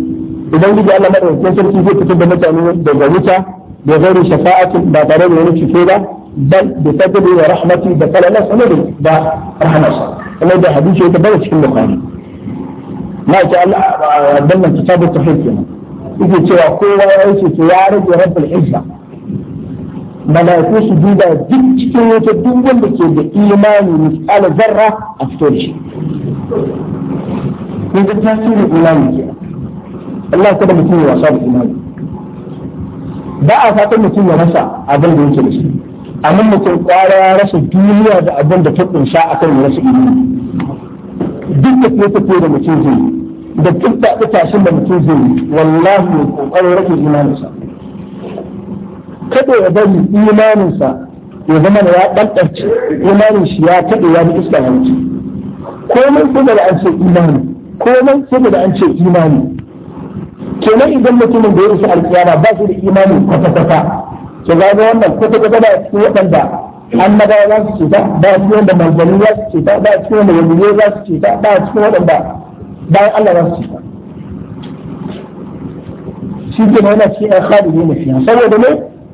A: إذا وجد الله مرة يكون mutane زي كتب مثلا دغوتا بغير shafa'ati ba tare da wani ceto ba بل بفضلي ورحمتي دخل الله سنبي با رحمة الله الله يبقى حديثي يتبقى تشكل مخاني ما شاء الله عبدالله انتصاب التحيط هنا يجي تشوى قوة ويسي تيارك ورب العزة ملايكو سجودة جد تشكل يتدنجل لكي بإيمان ومسألة ذرة أفتولشي من التأثير الإيمان الله كده مكين وصابه الإيمان بقى فاتن مكين ونسى عبدالله انتصاب التحيط amma mutum kwara ya rasa duniya da abin da ta kunsha akan rasa ilimi duk da tafiye tafiye da mutum zai da duk da tashin da mutum zai yi, wallahi ya kokarin rage imaninsa kada ya bari imaninsa ya zama da ya ɗanɗarci imanin shi ya kaɗe ya bi iska ya wuce komai sai da an ce imani komai sai da an ce imani kenan idan mutumin da ya isa alƙiyama ba su da imani kwata-kwata to ga wannan kuta kuta ba cikin waɗanda annabawa za su cuta ba cikin wanda manzanni za su cuta ba cikin wanda waliyai za su cuta ba cikin waɗanda bayan Allah za su cuta shi ke na yana cikin akhadi ne mafi saboda ne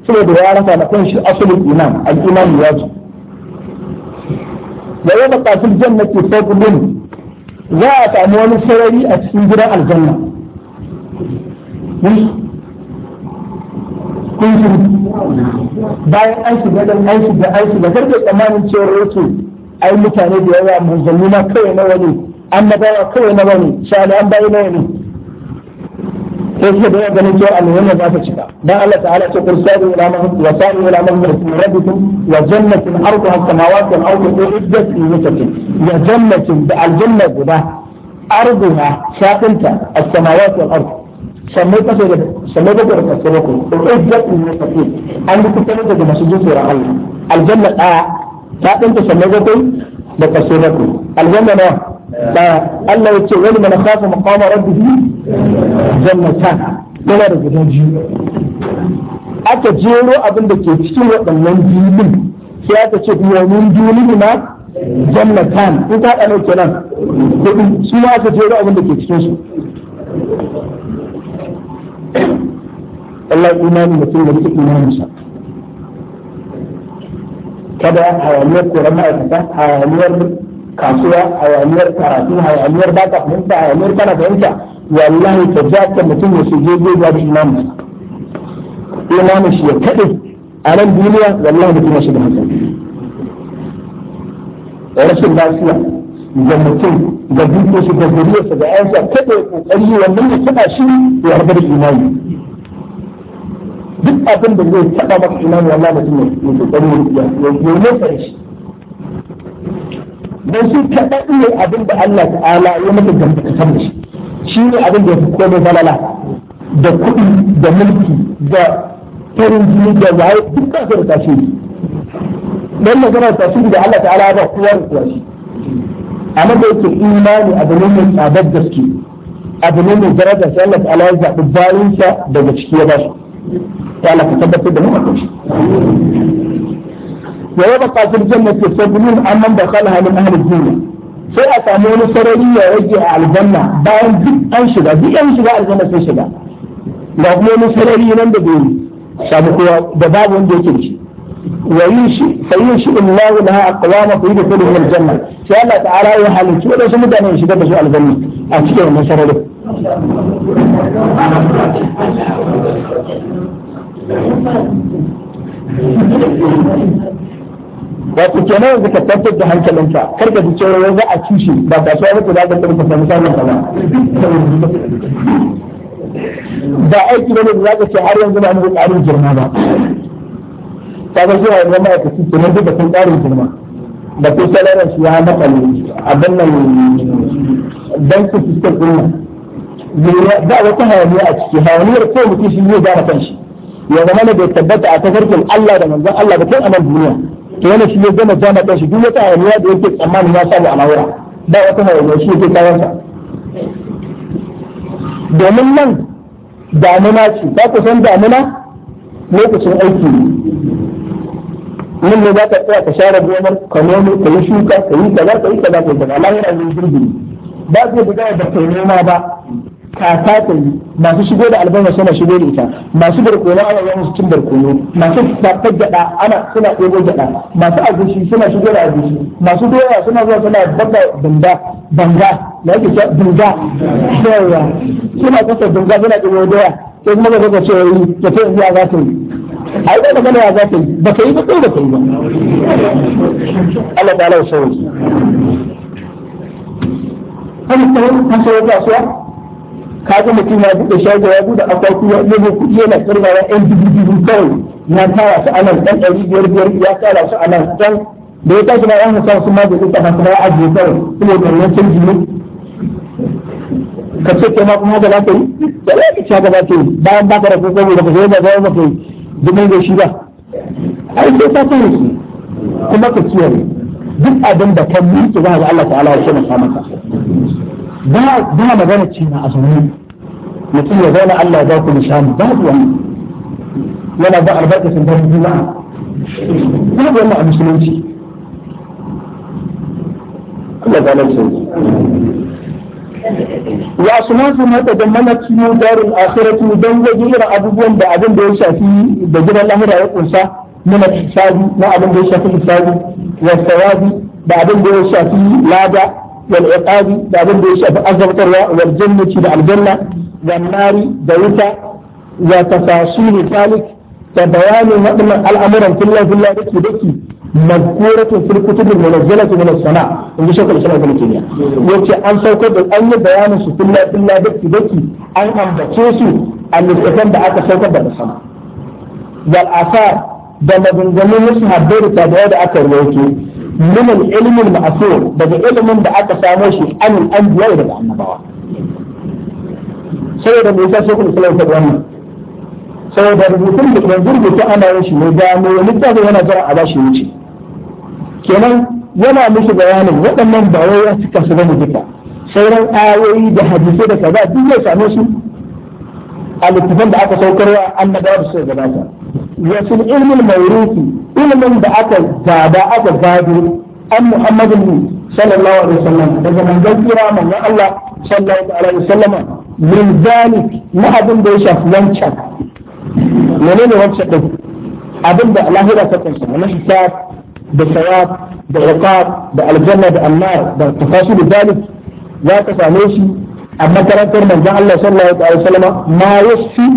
A: saboda ya rasa da shi asalin iman al-iman wajib da jan na ke jannati fadlun za a samu wani sarari a cikin gidan aljanna hmm?
B: kun shiru
A: bayan an shiga dan an shiga an shiga garbe tsammanin cewa yake ai mutane da yawa manzanni ma kawai na wani annabawa kawai na wani shani an bayi ne. wani sai suka daya ganin cewa alwala za ta cika dan Allah ta'ala ce qul sabu ila man wa sabu ila man rabbikum wa jannatin arduha as-samawati wal ardu uiddat lil muttaqin ya jannatin da aljanna guda arduha shafinta as-samawati wal ardu sannan kasa da sannan da garka sai ko ujjatul mustaqim an duk kuma daga masu jin tsoron Allah aljanna da ta danta sannan da kai da kaso da ku aljanna na da Allah ce wani man khafa maqama rabbih jannatan yana da guda biyu aka jero abin da ke cikin waɗannan biyun sai aka ce biyanin duniya ma jannatan in ka ɗano kenan kuɗi su ma aka jero abin da ke cikin su Allah imanin mutum da rike imaninsa kada hayaniyar koran ma'aikata hayaniyar kasuwa hayaniyar karatu hayaniyar baka fahimta hayaniyar kana fahimta wallahi ta jaka mutum ya shige goga da imaninsa imanin shi ya kaɗe a nan duniya wallahi mutum ya shiga hankali rashin lafiya ga mutum ga dukiyarsa ga zuriyarsa ga ayansa kada ya kokari wannan ya taba shi ya harbar imani duk abin da zai taba maka imani wallahi mutum ya kokari ya ya nesa shi dan shi kada ne abin da Allah ta'ala ya maka gambatar da shi shi ne abin da ya fi komai falala da kuɗi da mulki da farin jini da waye duk ba su da tasiri dan magana tasiri da Allah ta'ala ba kowa da kowa shi amma da yake imani abu ne mai tsadar gaske abu ne mai daraja sai Allah ta'ala ya zaɓi bayansa daga ciki ya ba su ta Allah ka tabbatar da mu akan shi wa ya baka fil jannati sabulun amman dakhalaha min ahli dunya sai a samu wani sarari ya rage a aljanna bayan duk an shiga duk an shiga aljanna sun shiga ga kuma wani sarari nan da bai samu kowa da babu wanda yake da shi وينشئ فينشئ الله لها اقواما فيدخلهم الجنه sai Allah ta'ala ya halicci waɗansu mutane ya shigar da su aljanna a cikin wannan sararin wato kenan yanzu ka tattar da hankalinka kar ka ji cewa yanzu a tushe ba ka so ba za ka tabbata ka samu samun ka ba ba aiki ne da za ka ce har yanzu ba mu ƙarin girma ba ta ga zuwa wannan ma'aikaci ke nan duka sun ƙarin girma da kun salarar shi ya matsale abin nan don su fuskar ɗin ba wata hayaniya a ciki hayaniyar ko mutum shi zai gane kanshi ya zama na bai tabbata a tafarkin Allah da manzon Allah da tun a nan duniya to yana shi ya gama jana kanshi duk wata hayaniya da yake tsammanin ya samu a mawura ba wata hayaniya shi yake kayansa domin nan damuna ce ba ku san damuna lokacin aiki ne Mun ne za ka tsaya ka share gonar ka nome ka yi shuka ka yi kaza ka yi kaza ka yi kaza yana yin girbi ba zai buga da kai noma ba ka ta yi masu shigo da albarka suna shigo da ita masu barkono ana yawan cikin cin barkono masu tafa gyada ana suna ɗogo gyada masu agushi suna shigo da agushi masu doya suna zuwa suna baka banga banga da yake cewa banga doya suna kasa banga suna ɗogo doya sai kuma ka kasa cewa yi ta ta yi ya za ta yi ai da magana ya za ta yi ba ka yi ba kai ba ka yi ba Allah ta Allah sauki kan sai kan sai kasuwa ka ga mutum ya buɗe shago ya buɗe akwati ya nemo kuɗi yana kirgawa yan dubu dubu kawai ya tara su anan ɗan ɗari biyar biyar ya tara su anan ɗan. da ya tashi ba ya hasa su ma da duka ba su ba ajiye kawai kuma da ya canji ne ka ce ke ma kuma da za ka yi da za ka za ka yi bayan ba ka rafi saboda ka zai da zai ka yi duk mun shi ba ai sai ka sani
B: su
A: kuma ka kiyaye duk abin da kan miƙe za ga Allah ta'ala ya ce masa maka ba ba magana ce na azumi mutum ya zauna Allah ya ba ku nishani babu wani yana ba albarkacin da juma'a babu wannan a musulunci Allah ta lantarki wa sunan ma ta dammala cikin darin akhiratu dan gaji irin abubuwan da abin da ya shafi da gidan lahira ya kunsa من الحساب ما أبن بيشا في الحساب والثواب ما أبن بيشا في لادا والعقاب ما أبن بيشا في أزغطر والجنة مع الجنة والنار دوتا وتفاصيل ذلك تبيان مأمن الأمر في الله في الله بكي بكي mazkuratun fil kutubil munazzalati min as-sama in ji shekul islam ibn taymiya yace an saukar da an yi bayanin su billa billa daki daki an ambace su a littafin da aka saukar da sama wal asar da maganganun wasu habbai da tabi'a da aka rawaito min al-ilm al-ma'thur daga ilimin da aka samo shi an al daga me saboda rubutun da yanzu rubutu ana yin shi ne da mai littafin yana jira a bashi wuce kenan yana musu bayanin waɗannan ba wai ya cika su bane duka sauran ayoyi da hadisai da kaza duk ya same su a littafin da aka saukarwa annabawa da suka gabata wasu ilmin mauruki ilmin da aka gada aka gado an muhammadin sallallahu alaihi wasallam daga manzon kira manzon Allah sallallahu alaihi wasallama min zalik na abin da ya shafi wancan menene wancan din abin da lahira ta kunsa na hisab da sawab da iqab da aljanna da annar da tafasil dalik za ka same shi a makarantar manzon Allah sallallahu alaihi wasallam ma yasfi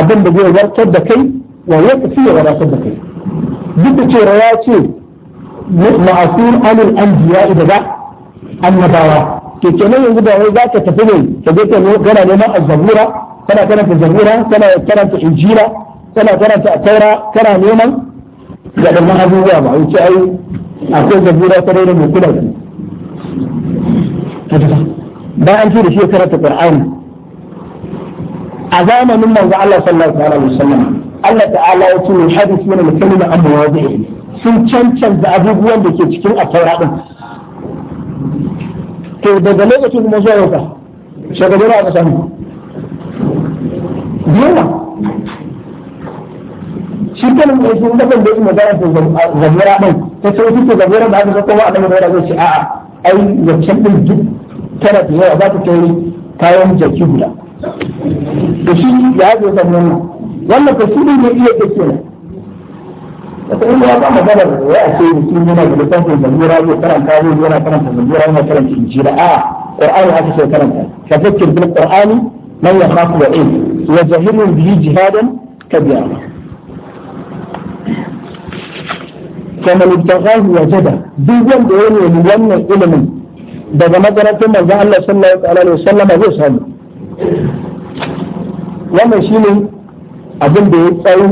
A: abin da zai warkar da kai wa yakfi ya wadatar da kai duk da cewa ya ce ma'asur anil anbiya da ba annabawa to kenan yanzu da wai zaka tafi ne ka je ka gana neman azzabura kana karanta zabura kana karanta injila kana karanta a taura kana neman da waɗannan abubuwa ba wuce ai akwai zabura ta rere mai kula su bayan ce da shi karanta qur'ani a zamanin manzo Allah sallallahu alaihi wasallam Allah ta'ala ya ce min hadisi min al-kalima an mawadi'i sun cancanta abubuwan da ke cikin asaura din to daga lokacin kuma zuwa wata shagabar a kasan yawa shi kanin mai shi da kan da yake magana ta zabura din ta ce wasu ce zabura da aka ga kowa annabi da zai ce a'a ai waccan din duk tana da yawa za ta kai kayan jaki guda da shi ya zo da nan wannan ko shi ne iya da kenan wata ina ya ba magana da ya ce mutum yana da littafin zabura zai karanta zai yana karanta zabura yana karanta injira a'a قرآن هذا شيء كلام فذكر بالقرآن من يخاف وعيد وجاهد به جهادا كبيرا kamar ibtaghahu wajada duk wanda ya nemi wannan ilimin daga makarantar manzon Allah sallallahu alaihi wasallam zai samu wannan shine abin da ya tsayi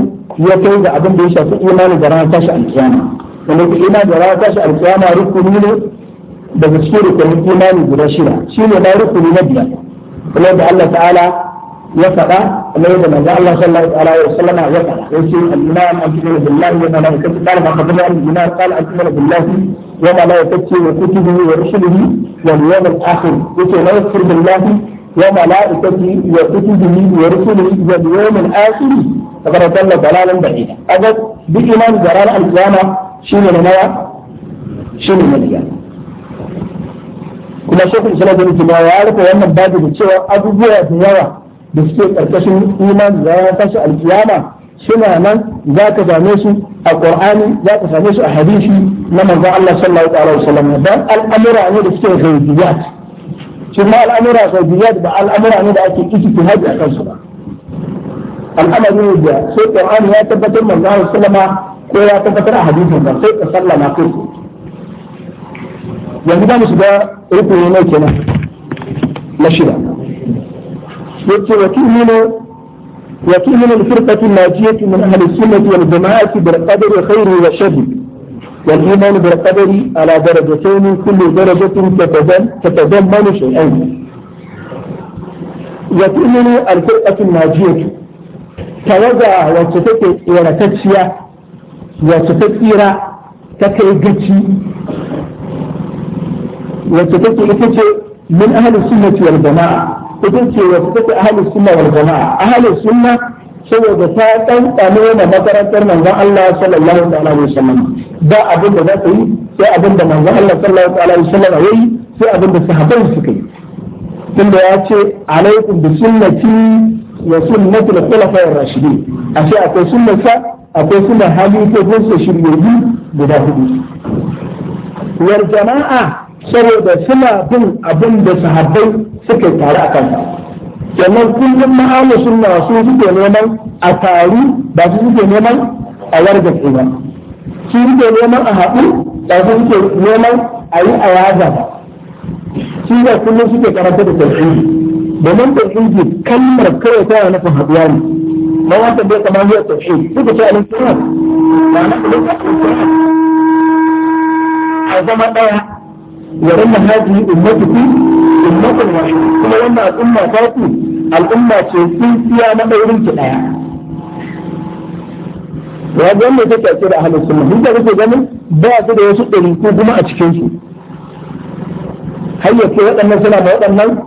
A: ya kai ga abin da ya shafi imani da ranar tashi alkiyama wanda ke imani da ranar tashi alkiyama rukuni ne daga cikin rukunin imani guda shida shine na rukuni na biyar kuma da Allah ta'ala وفقا ليس ما الله صلى الله عليه وسلم وفقا يسي الإمام أن تؤمن بالله وملائكته قال ما قبل أن الإمام قال أن تؤمن بالله وملائكته وكتبه ورسله واليوم الآخر يسي لا يكفر بالله وملائكته وكتبه ورسله واليوم الآخر فقد ضل ضلالا بعيدا أجل بإيمان ضلال القيامة شنو نوى شنو مليان kuma shekul islam da mutum ya rufe wannan babu da cewa abubuwa da yawa da suke karkashin imani da tashi alkiyama suna nan za ka same su a qur'ani za ka same su a hadisi na manzo Allah sallallahu alaihi wasallam dan al'amura ne da suke ghaibiyat shi ma al'amura ghaibiyat ba al'amura ne da ake ijtihadi a kansu ba al'amari ne da sai qur'ani ya tabbatar manzo Allah sallama ko ya tabbatar a hadisin ba sai ka sallama kai yanzu ba mu shiga rukuni ne kenan na shida yace wa tu'minu wa tu'minu al-firqatu najiyati min ahli sunnati والإيمان بالقدر على درجتين كل درجة تتضمن شيئين وتؤمن الفرقة الناجية توزع وتتكي ورتكسية وتتكيرة تكي جتي وتتكي من أهل السنة والجماعة ita ce wasu take ahalus sunna wal jama'a ahalus sunna saboda ta ɗanɗano na makarantar manzon Allah sallallahu alaihi wasallam ba abin da za ta yi sai abin da manzon Allah sallallahu alaihi wasallam ya sai abin da sahabbai suka yi tunda ya ce alaikum bi sunnati wa sunnatul khulafa'ir rashidin a ce akwai sunnarsa akwai sunnar hali ko ko shirye guda hudu wal jama'a saboda suna bin abin da sahabbai suka yi tare a kansa kenan kullum ma'amu suna su suke neman a taru ba su suke neman a wargaje ba su suke neman a haɗu ba su suke neman a yi a yaza ba shi da kullum suke karanta da tauhidi domin tauhidi kalmar kawai tana nufin haɗuwa ne ba wanda bai kamar zuwa tauhidi suka ce alaihi salam ba na ɗaya a zama ɗaya وأن هذه أمتك أمة واحدة كما أن الأمة تأتي الأمة تنسي فيها ما يريد الآية وهذا أن يتكى أهل السنة من ذلك الزمن بعد ذلك يسوط الانكوب ما أتكيش هيا كي يقل أن السنة بعد أن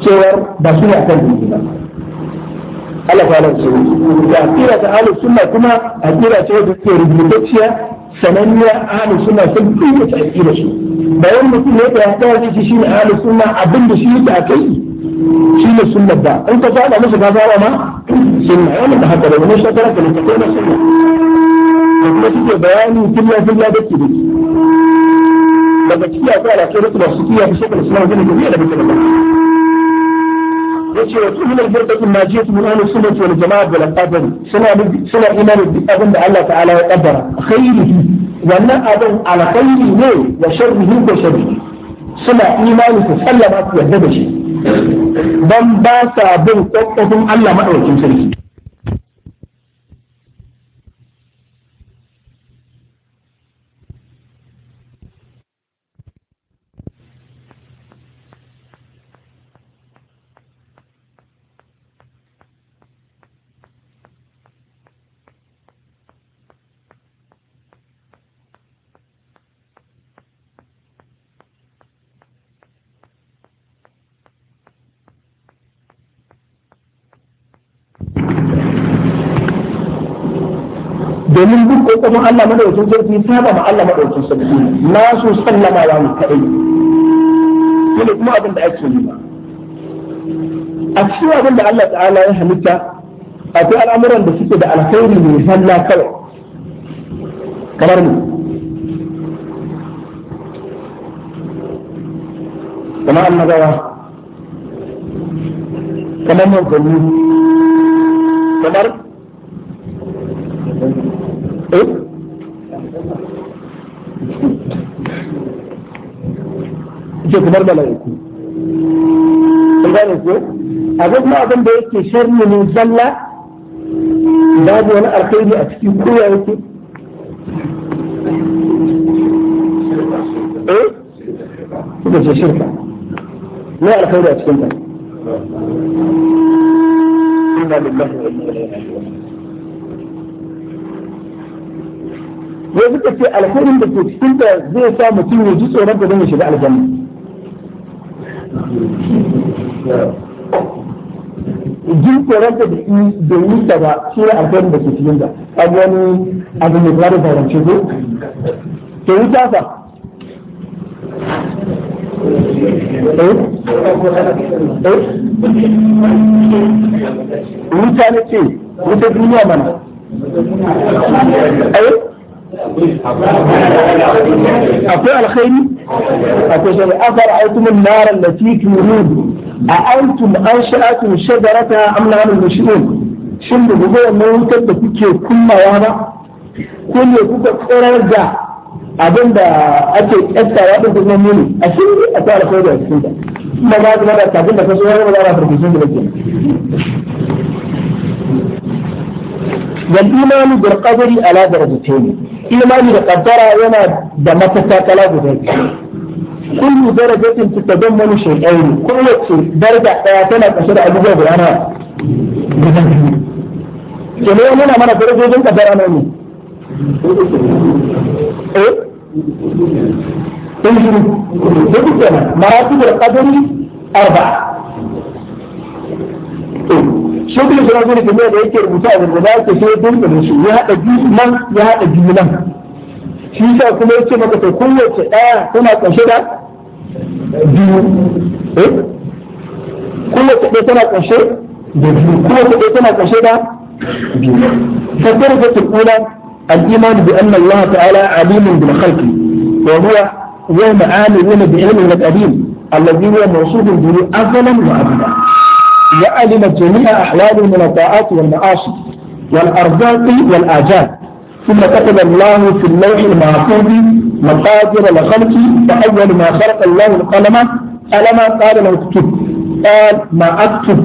A: سور بسنة تنسي الله تعالى السنة أسير أهل السنة كما أسير أسير أهل السنة sananniya ahalin suna sun ɗaya ta aiki da su bayan mutum ya fahimta ya ce shi ne ahalin suna abin da shi yake a kai shi ne sunna ba in ka saba musu ka saba ma sunna ya mutu haka da wani shakara ka nufi kai na sunna da kuma suke bayani killa killa da ke daga ciki akwai alaƙar rukun da su kiyaye shakar suna wajen da ke biya da mutum da yace wa kullul firqatin ma jama'a bil qadar suna suna imani bi abin da Allah ta'ala ya kaddara khairihi wannan abin alkhairi ne wa sharrihi ko sharri suna imani su sallama su yarda da shi dan ba sa bin kokofin Allah madaukakin sarki domin duk kokarin Allah madaukakin sarki saba ma Allah madaukakin sarki na su sallama ya mu kai yana kuma abin da ake yi a cikin abin da Allah ta'ala ya halitta akwai al'amuran da suke da alkhairi ne halla kawai kamar mu kamar annabawa kamar manzanni kamar kamar mala'iku kun gane ko abin kuma abin da yake sharri ne zalla babu wani alkhairi a cikin kowa yake
B: eh suka ce shirka
A: me alkhairi a cikin ta ya suka ce alkhairin da ke cikin ta zai sa mutum ya ji tsoron da zai shiga aljanna ranta da yi ta ba shi ne alkhairin da ke cikin ta an wani abin da kuma da farance ko to yi ta fa
B: wuta na ce wuta duniya mana
A: akwai alkhairi akwai shari'a fara'aitumin naran da ci tururu a antum an sha'atun shajarata am nahnu mushrikun shin da gobe wannan wutar da kuke kunnawa ba ko ne kuka tsirar da abin ake tsaskawa da kuma muni a shi a ta alkhairi da cikin ta kuma ba kuma da kafin da kaso wani ba za a farfishin imani da qaddara yana da matatakala kullu darajatin tatadammanu shay'ain kowace daraja daya tana kashe da abubuwa guda nawa kenan yana mana darajojin kadara na ne
B: eh kun shiru da kuke nan
A: maratibul qadari arba'a shekul shirar zai da yake rubuta a zirga da yake sai ya dinka da ya haɗa nan ya haɗa nan shi sa kuma ya ce maka kowace ɗaya eh? tana ƙunshe da biyu kowace ɗaya tana ƙunshe da biyu kowace ɗaya tana ƙunshe da biyu fasar da الإيمان بأن الله تعالى عليم بالخلق وهو يوم عاملون بعلمه القديم الذي هو موصوف به أزلا وأبدا وعلم جميع أحوال من الطاعات والمعاصي والأرزاق والآجال ثم كتب الله في اللوح المحفوظ مقادر الخلق فأول ما خلق الله القلم قلم قال ما اكتب قال ما اكتب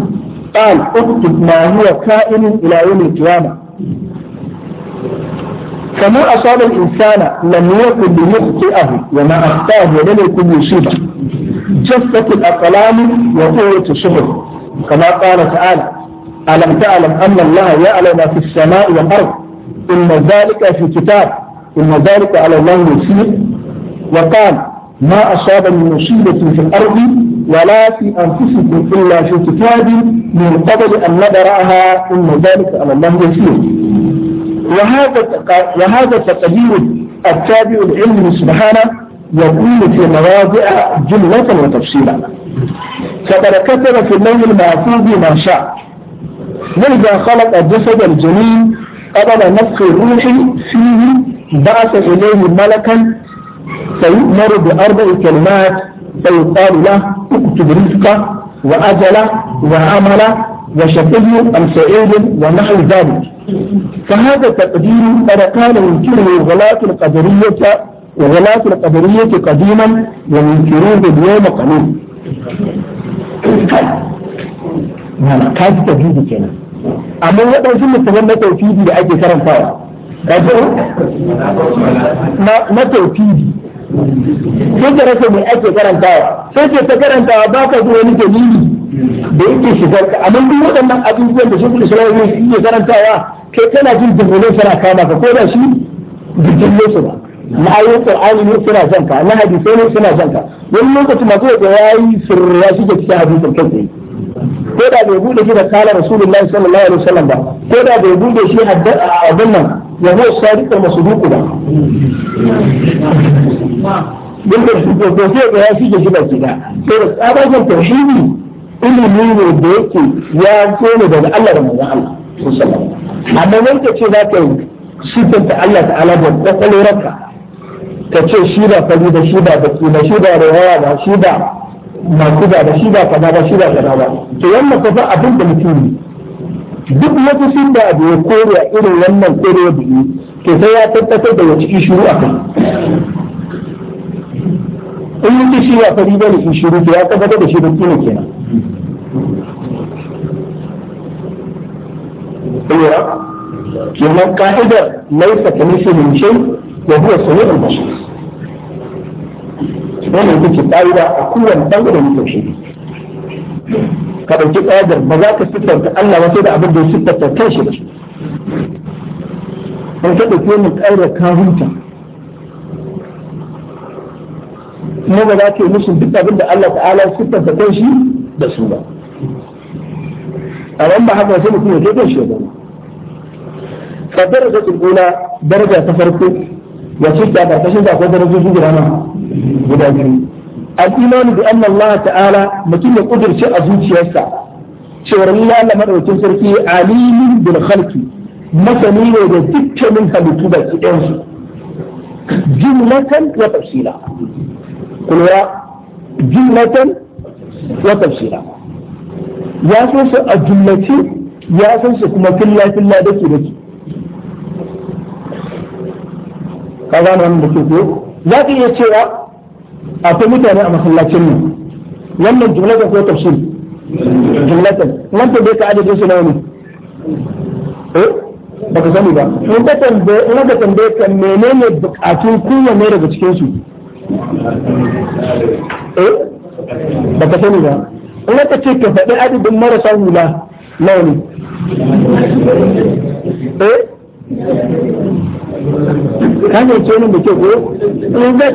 A: قال اكتب ما هو كائن إلى يوم القيامة فما أصاب الإنسان لم يكن ليخطئه وما أخطاه لم يكن يصيبه جفت الأقلام وقوة الشهر كما قال تعالى ألم تعلم أن الله يعلم في السماء والأرض إن ذلك في كتاب إن ذلك على الله يسير وقال ما أصاب من مصيبة في الأرض ولا في أنفسكم إلا في كتاب من قبل أن نبرأها إن ذلك على الله يسير وهذا وهذا تقدير التابع العلم سبحانه يكون في مواضع جملة وتفصيلا فقد كتب في الليل المعفوض ما شاء وإذا خلق الجسد الجميل قبل نفخ الروح فيه بعث إليه ملكا فيؤمر بأربع كلمات فيقال له اكتب رزقه وأجل وعمل وشقي أم سعيد ونحو ذلك فهذا تقدير قد كان ينكره الغلاة القدرية وغلاة القدرية قديما ومنكرون اليوم قليل نعم، هذا تقدير كلام amma waɗansu musulman na tauhidi da ake karantawa kaje na na tauhidi sai ka rasa mai ake karantawa sai ke ta karantawa ba ka zuwa wani dalili da yake shigar ka amma duk waɗannan abubuwan da shekul islam ya yi karantawa kai kana jin dubbulin suna kama ka ko da shi dubbulin su ba na ayyar tsar'ani ne suna zanka na hadisai ne suna zanka wani lokacin masu yadda ya yi sirra shi ke cikin hadisin kai ko da bai bude shi da kala rasulullahi sallallahu alaihi wasallam ba ko da bai bude shi hadda abin nan ya zo sadiqul masduq ba din da shi ko sai ga shi shige shi baki da sai da tsabagen tauhidi ilimi ne da yake ya kone daga Allah da manzon Allah sallallahu alaihi amma wanda ce za ka yi sifanta Allah ta'ala da kwakwalwarka ka ce shi ba fari da shi ba baki ba shi ba rawaya ba shi ba masu da ba shi ba kaza ba shi ba kaza ba to wannan fa ba abin da mutum ne duk lokacin da abu ya kore a irin wannan kore da yi to sai ya tabbatar da wace ishuru a kai in yi shi ya fari bane ishuru to ya tabbatar da shi da kina kenan kenan ka'idar laisa kamishinin shai wa huwa sami'ul bashir wannan ita ce ƙa'ida a kowane ɓangare na tauhidi ka ɗauki ƙa'idar ba za ka siffanta Allah ba sai da abin da ya siffanta kan shi ba in ka ɗauki wannan ƙa'idar ka huta kuma ba za ka yi musu duk abin da Allah ta'ala siffanta kan shi da su ba a ran ba haka sai mutum ya kai kan shi ba fa darajatul ula daraja ta farko wacce ta karkashin da akwai darajoji guda guda biyu al-imanu bi anna Allah ta'ala mutum ya kudirce a zuciyarsa cewa Allah Allah madaukakin sarki alimin bil khalqi masani ne da dukkanin halittu da ɗayan su jumlatan wa tafsila kulwa jumlatan wa tafsila ya san su a jumlace ya san su kuma filla filla dake dake ka gane wannan da ke ko za ka iya cewa akwai mutane a masallacin mu wannan jumlatan ko tafsir jumlatan Wannan ta bai ka adadin su nawa ne eh baka sani ba in ka tambaye in ka tambaye ka menene bukatun ne daga cikin su
B: eh baka
A: sani ba in ka ce ka faɗi adadin marasa hula nawa ne eh
B: ka
A: ne ce nan da ke ko in ka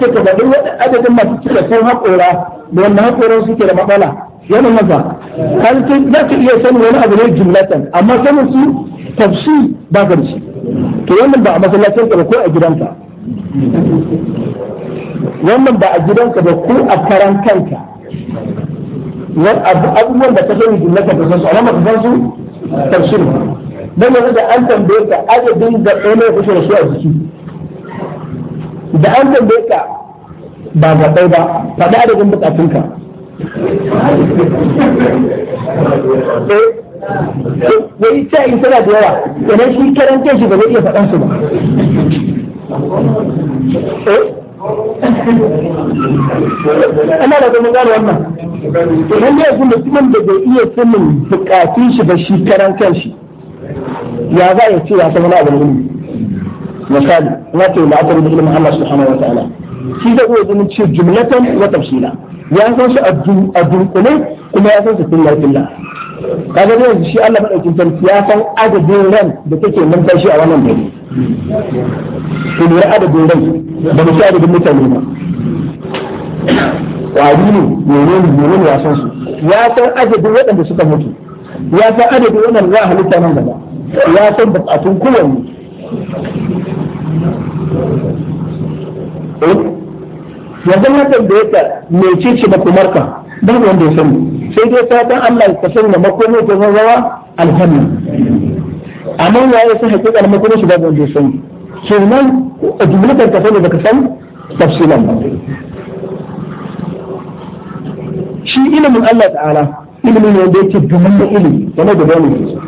A: ce ka faɗi adadin masu cika sun haƙora da wanda haƙoran suke da matsala yana maza kan ce za ka iya sanin wani abu ne jumlatan amma sanin su tafsi ba ka shi. to wannan ba a masallacin ka ba ko a gidanka wannan ba a gidanka ba ko a karan abubuwan da ka sani jumlatan ka san su amma ka san su tafsir ba dan yanzu da an tambaye ka adadin da ɗaya kusa da shi a jiki da an tambaye ka ba ga ɗaya ba faɗi adadin bukatunka
B: eh,
A: wai ta yi tana da yawa yanayi shi karan kai shi ba zai iya faɗan su ba ana eh? da kuma gano wannan idan ne ya kuma da bai iya sanin bukatun shi ba shi karan kan shi ya za a ce ya san wani abu gudu misali na ce la'akari tarihi ilimin Allah hana wata ala shi zai iya ganin ce jumlatan wa tafsila ya san su a dunkule kuma ya san su filla la kaga ne yanzu shi Allah madaukin sarki ya san adadin ran da take numfashi a wannan dare to ne adadin ran da mu adadin mutane ba wa ne menene ne ya san su ya san adadin waɗanda suka mutu ya san adadin wannan za a halitta nan gaba ya san bukatun kowanne eh? yanzu na da ka mece ce makomarka don wanda ya sani sai dai fatan Allah ka sanya makomar ta zama alhamdu amma ya yi sun hakikar makomar shi babu wanda ya sani ke nan a dublikan ka sani baka san tafsilan ba shi ilimin Allah ta'ala ilimi ne wanda yake domin da ilimi game da bayanin ke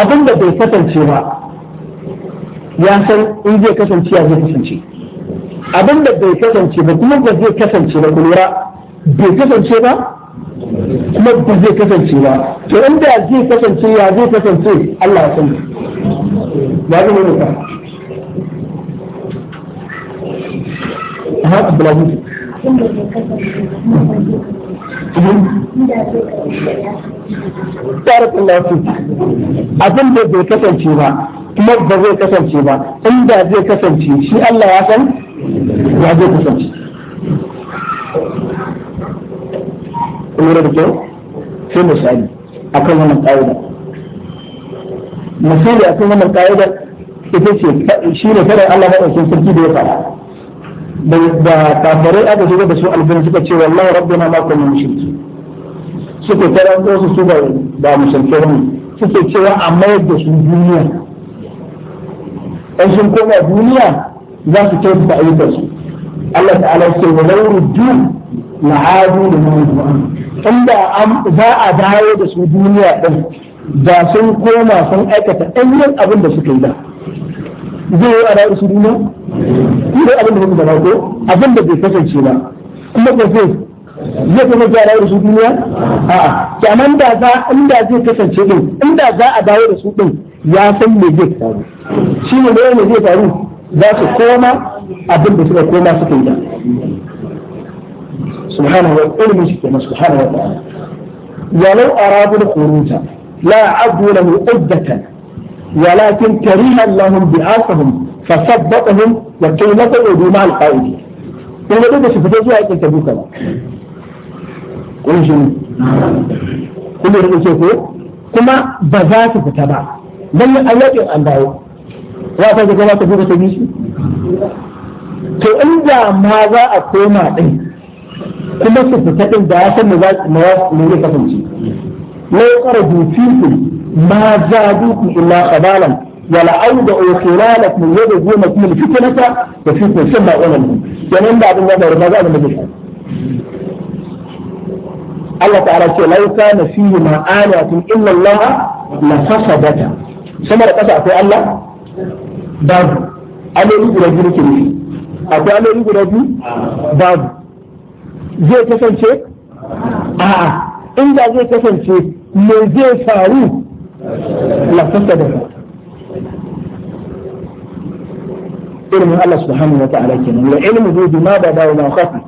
A: abin da bai kasance ba ya san in zai kasance ya zai kasance abin da bai kasance ba kuma ba zai kasance ba kulura bai kasance ba kuma ba zai kasance ba to inda zai kasance ya zai kasance Allah ya san ya zama ne ka ha Abdulaziz tsarin lafi abin da bai kasance ba kuma ba zai kasance ba inda zai kasance shi Allah ya san ya zai kasance lura da kyau sai misali kan wannan ƙa'ida misali kan wannan ƙa'ida ita ce shi ne kada Allah maɗaukin sarki da ya fara da kafirai aka shiga da su alfin suka ce wallahi rabbuna ma kunna mushriki suka tara su su ba ba mushrikai ne suke cewa a mayar da su duniya An sun koma duniya za su kai da ayyukan su Allah ta'ala ce wa lauru dun na hadu da mun inda za a dawo da su duniya din da sun koma sun aikata ɗanyen abin da suka yi da zai yi a ra'ayi su duniya? idan abin da muka gaba ko abinda da bai kasance ba kuma ko sai zai kuma ga ra'ayi su duniya a kyanan da za inda zai kasance din inda za a dawo da su din ya san me zai faru shi ne ne zai faru za su koma abinda suka koma suka yi da subhanahu wa ta'ala shi kenan subhanahu wa ta'ala walau arabu al-khuruja la a'budu lahu uddatan ولكن كره لهم بعاصهم فثبتهم وكي لا تقعدوا مع القائدين kun ga da su fito zuwa yakin tabuka ba kun shi kun da rike ko kuma ba za su fita ba dan an yakin an dawo wa ta ga ba ta fita ta bishi to inda ma za a kuma su fita da ya san za لو خرجوا فيكم ما زادوكم إلا خبالا ولأوضعوا خلالكم يبغون فيكم الفتنة وفيكم سمعون لهم يعني بعد ما ضرب ما زاد مجلسا الله تعالى يقول لو كان فيهما آلهة إلا الله لفسدتا sama da ƙasa akwai Allah babu aloli guda biyu nake nufi akwai aloli guda biyu babu zai kasance a'a inda zai kasance me zai faru lafasa da ilmin Allah subhanahu wa ta'ala kenan wa ilmu bi ma ba da wa khafi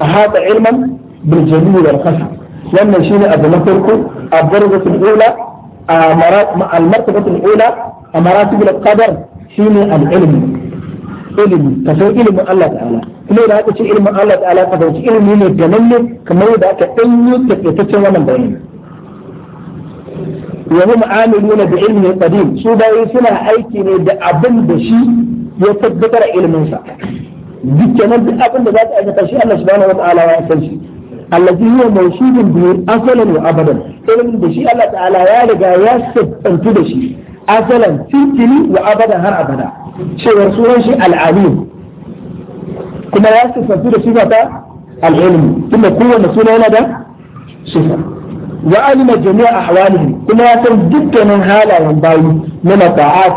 A: ahata ilman bil jami wal khafi wannan shine abu na farko a darajatul ula a martabatul ula a maratibul qadar shine al ilmi ilimi ka san ilimin Allah ta'ala kuma da aka ce ilimin Allah ta'ala ka san ilimi ne da nan ne kamar yadda aka danyo takaitaccen wannan bayani wa hum amiluna bi ilmin qadim su bayi suna aiki ne da abin da shi ya tabbatar ilmin sa dukkanin duk abin da za ka aikata shi Allah subhanahu wa ta'ala ya san shi allazi huwa mawsudun bi asalan wa abadan ilmin da shi Allah ta'ala ya riga ya sabbantu da shi asalan tintini wa abadan har abada cewar sunan shi kuma ya sabbantu da shi ba ta tunda kowanne suna da وعلم جميع أحوالهم كما يسر جدا من هذا من باوي من الطاعات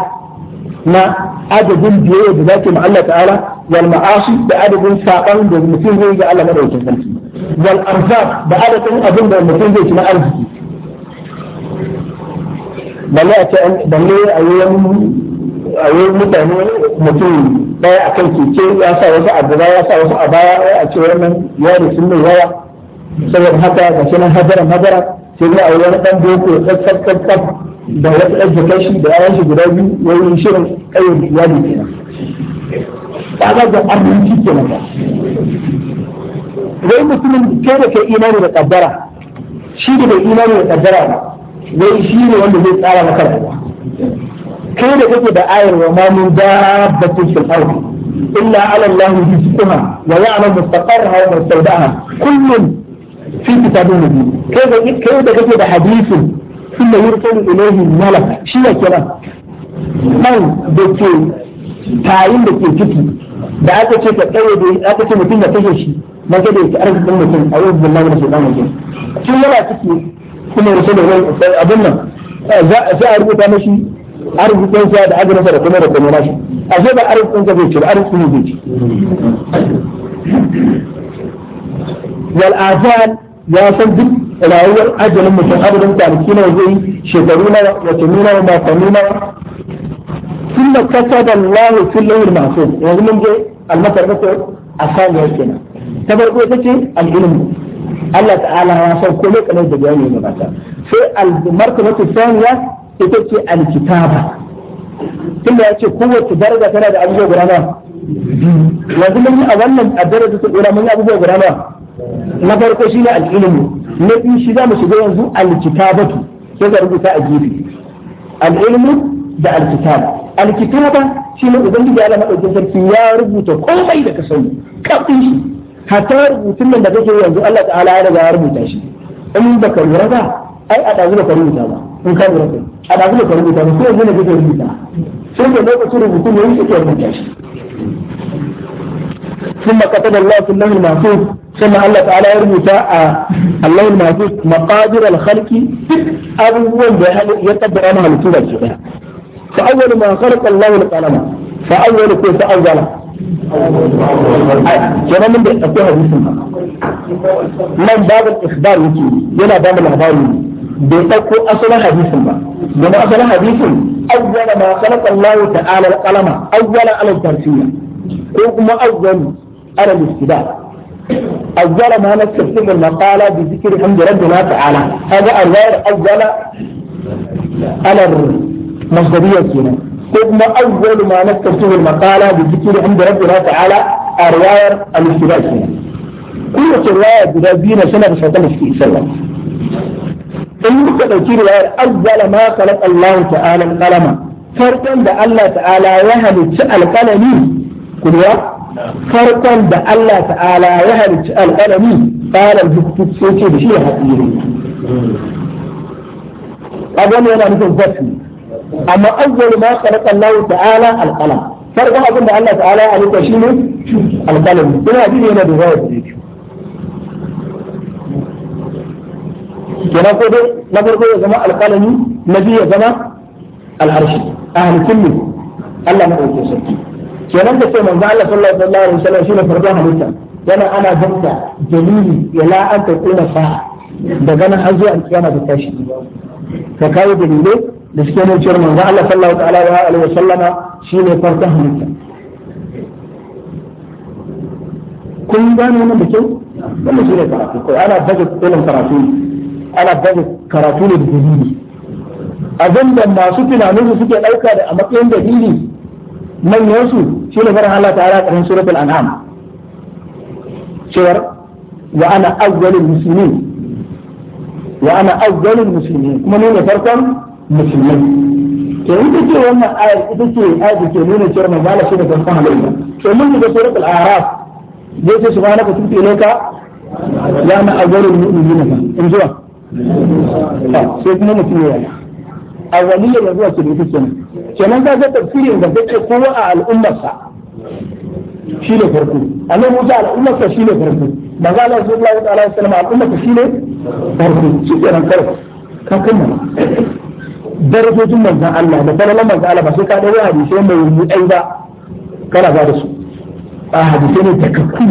A: ما عدد الجوية بذلك مع الله تعالى والمعاصي بعدد ساقان بالمسيح هو يجعل الله مرة وجهة والأرزاق بعدد أظن بالمسيح هو يجعل الله مرة وجهة بلية أيام أيام متعنى مطول بايا أكل كي يا ساوسا أبدا يا ساوسا أبايا أتوامن يا رسمي يا رسمي saboda haka ga shi nan hadara madara sai ne a wani dan boko tsaf tsaf da wata education da yayan shi guda biyu wani shirin ƙayyar iyali kenan kaga ga aminci kenan ba wai mutumin ke da ke imani da kaddara shi da bai imani da kaddara ba wai shi ne wanda zai tsara maka rayuwa kai da kake da ayar wa ma min dabbatin fil ardi illa ala allah rizquha wa ya'lamu mustaqarraha wa mustawda'aha kullun fi kitabin nabi kai da kai da kake da hadisin sunna yursalu ilayhi malak shi ne kiran man da ke tayin da ke ciki da aka ce ka tsaye da aka ce mutum da kashe shi na ga da yake arzikin mutum a yau da lamarin shi dan mutum kin yana ciki kuma yursalu ilayhi abin nan za a rubuta mashi arzikin sa da azumin sa da kuma da kuma nashi ashe ba arzikin sa zai ci ba arzikin zai ci wal azan ya san duk rayuwar ajalin mutum adadin kwanaki nawa zai shekaru na wata nuna wa makonni na sun da kasa da lawo sun masu yanzu je almasar kasa a san ya ke nan ta farko ita ce al'ilmi Allah ta'ala ya san kome kanar da bayani ne mata sai almarka mafi saniya ita ce alkitaba tun da ya ce kowace daraja tana da abubuwa guda na biyu yanzu mun yi a wannan a daraja ta tsira mun yi abubuwa guda na na farko shi ne al'ilmu na biyu shi za mu shiga yanzu alkitabatu sai ka rubuta a gefe al'ilmu da alkitaba alkitaba shi ne ubangiji Allah madaukakin sarki ya rubuta komai da ka sani kafin shi hatta rubutun nan da kake yanzu Allah ta'ala ya riga ya rubuta shi in baka lura ba ai a dazu ka rubuta ba in ka lura ba a dazu ka rubuta ba sai yanzu ne kake rubuta sai da lokacin rubutun ne yake rubuta shi ثم كتب الله في اللون المحفوظ ثم الله تعالى يرمي اللون المحفوظ مقادر الخلق أول بحل يتبرى مع الكتب فأول ما خلق الله القلم فأول كي فأول كما من بي أتوها بسمها من باب الإخبار يكي ينا باب الأخبار يكي بيتكو أصل حديث ما لما أصل حديث أول ما خلق الله تعالى القلم أول على الترسية وكما أول على الابتداء أول ما نستخدم المقالة بذكر حمد ربنا تعالى هذا الغير أول على المصدرية هنا ثم أول ما نستخدم المقالة بذكر حمد ربنا تعالى الغير الابتداء هنا كل رواية بذابين سنة بسنة في سنة in muka ɗauki riwayar azzala ما خلق الله تعالى al-qalama farkon da Allah ta'ala ya halicci alƙalami farkon da Allah ta'ala ya halicci alƙalami tsarar duk sai ce da shi ya haƙiri kaga ne yana nufin zafi amma awwal ma khalaqa Allah ta'ala alqalam farkon abin da Allah ta'ala ya halitta shi ne alqalam ina ji yana da zai kenan ko dai na farko ya zama alqalami na biyu ya zama al'arshi ahlul kulli Allah na ɗauke sarki kenan da sai manzo Allah sallallahu alaihi wasallam shine farkon halitta yana ana gamta dalili ya la an ta kuma sa'a daga nan har zuwa kiyama da tashi ka kawo dalilai da suke nuna cewa manzo Allah sallallahu alaihi wasallam shine farkon halitta kun gane wannan da kyau wannan shine karatu ko ana baje ilimin karatu ana baje karatu ne da dalili abinda masu tunanin suke dauka da a matsayin dalili manyan su shi ne farin Allah ta'ala karin suratul an'am cewar wa ana awwalul muslimin wa ana awwalul muslimin kuma ne farkon musulmai to ita ce wannan ayar ita ce ayar da ke nuna cewar manzo Allah shine farkon halitta to mun ga suratul a'raf yace subhanaka tubtu ilayka ya na awwalul mu'minina in zuwa sai kuma mutum ya A awwaliyya da zuwa kibir cikin kenan ka ga tafsirin da take kowa a al'ummarsa shi ne farko annabi Musa al'ummarsa shi ne farko manzo Allah sallallahu alaihi wasallam al'ummarsa shi ne farko shi kenan kar ka kammala darajojin manzan Allah da falalan manzan Allah ba sai ka dawo hadisai mai mutai ba kana ba da su a hadisai ne takakku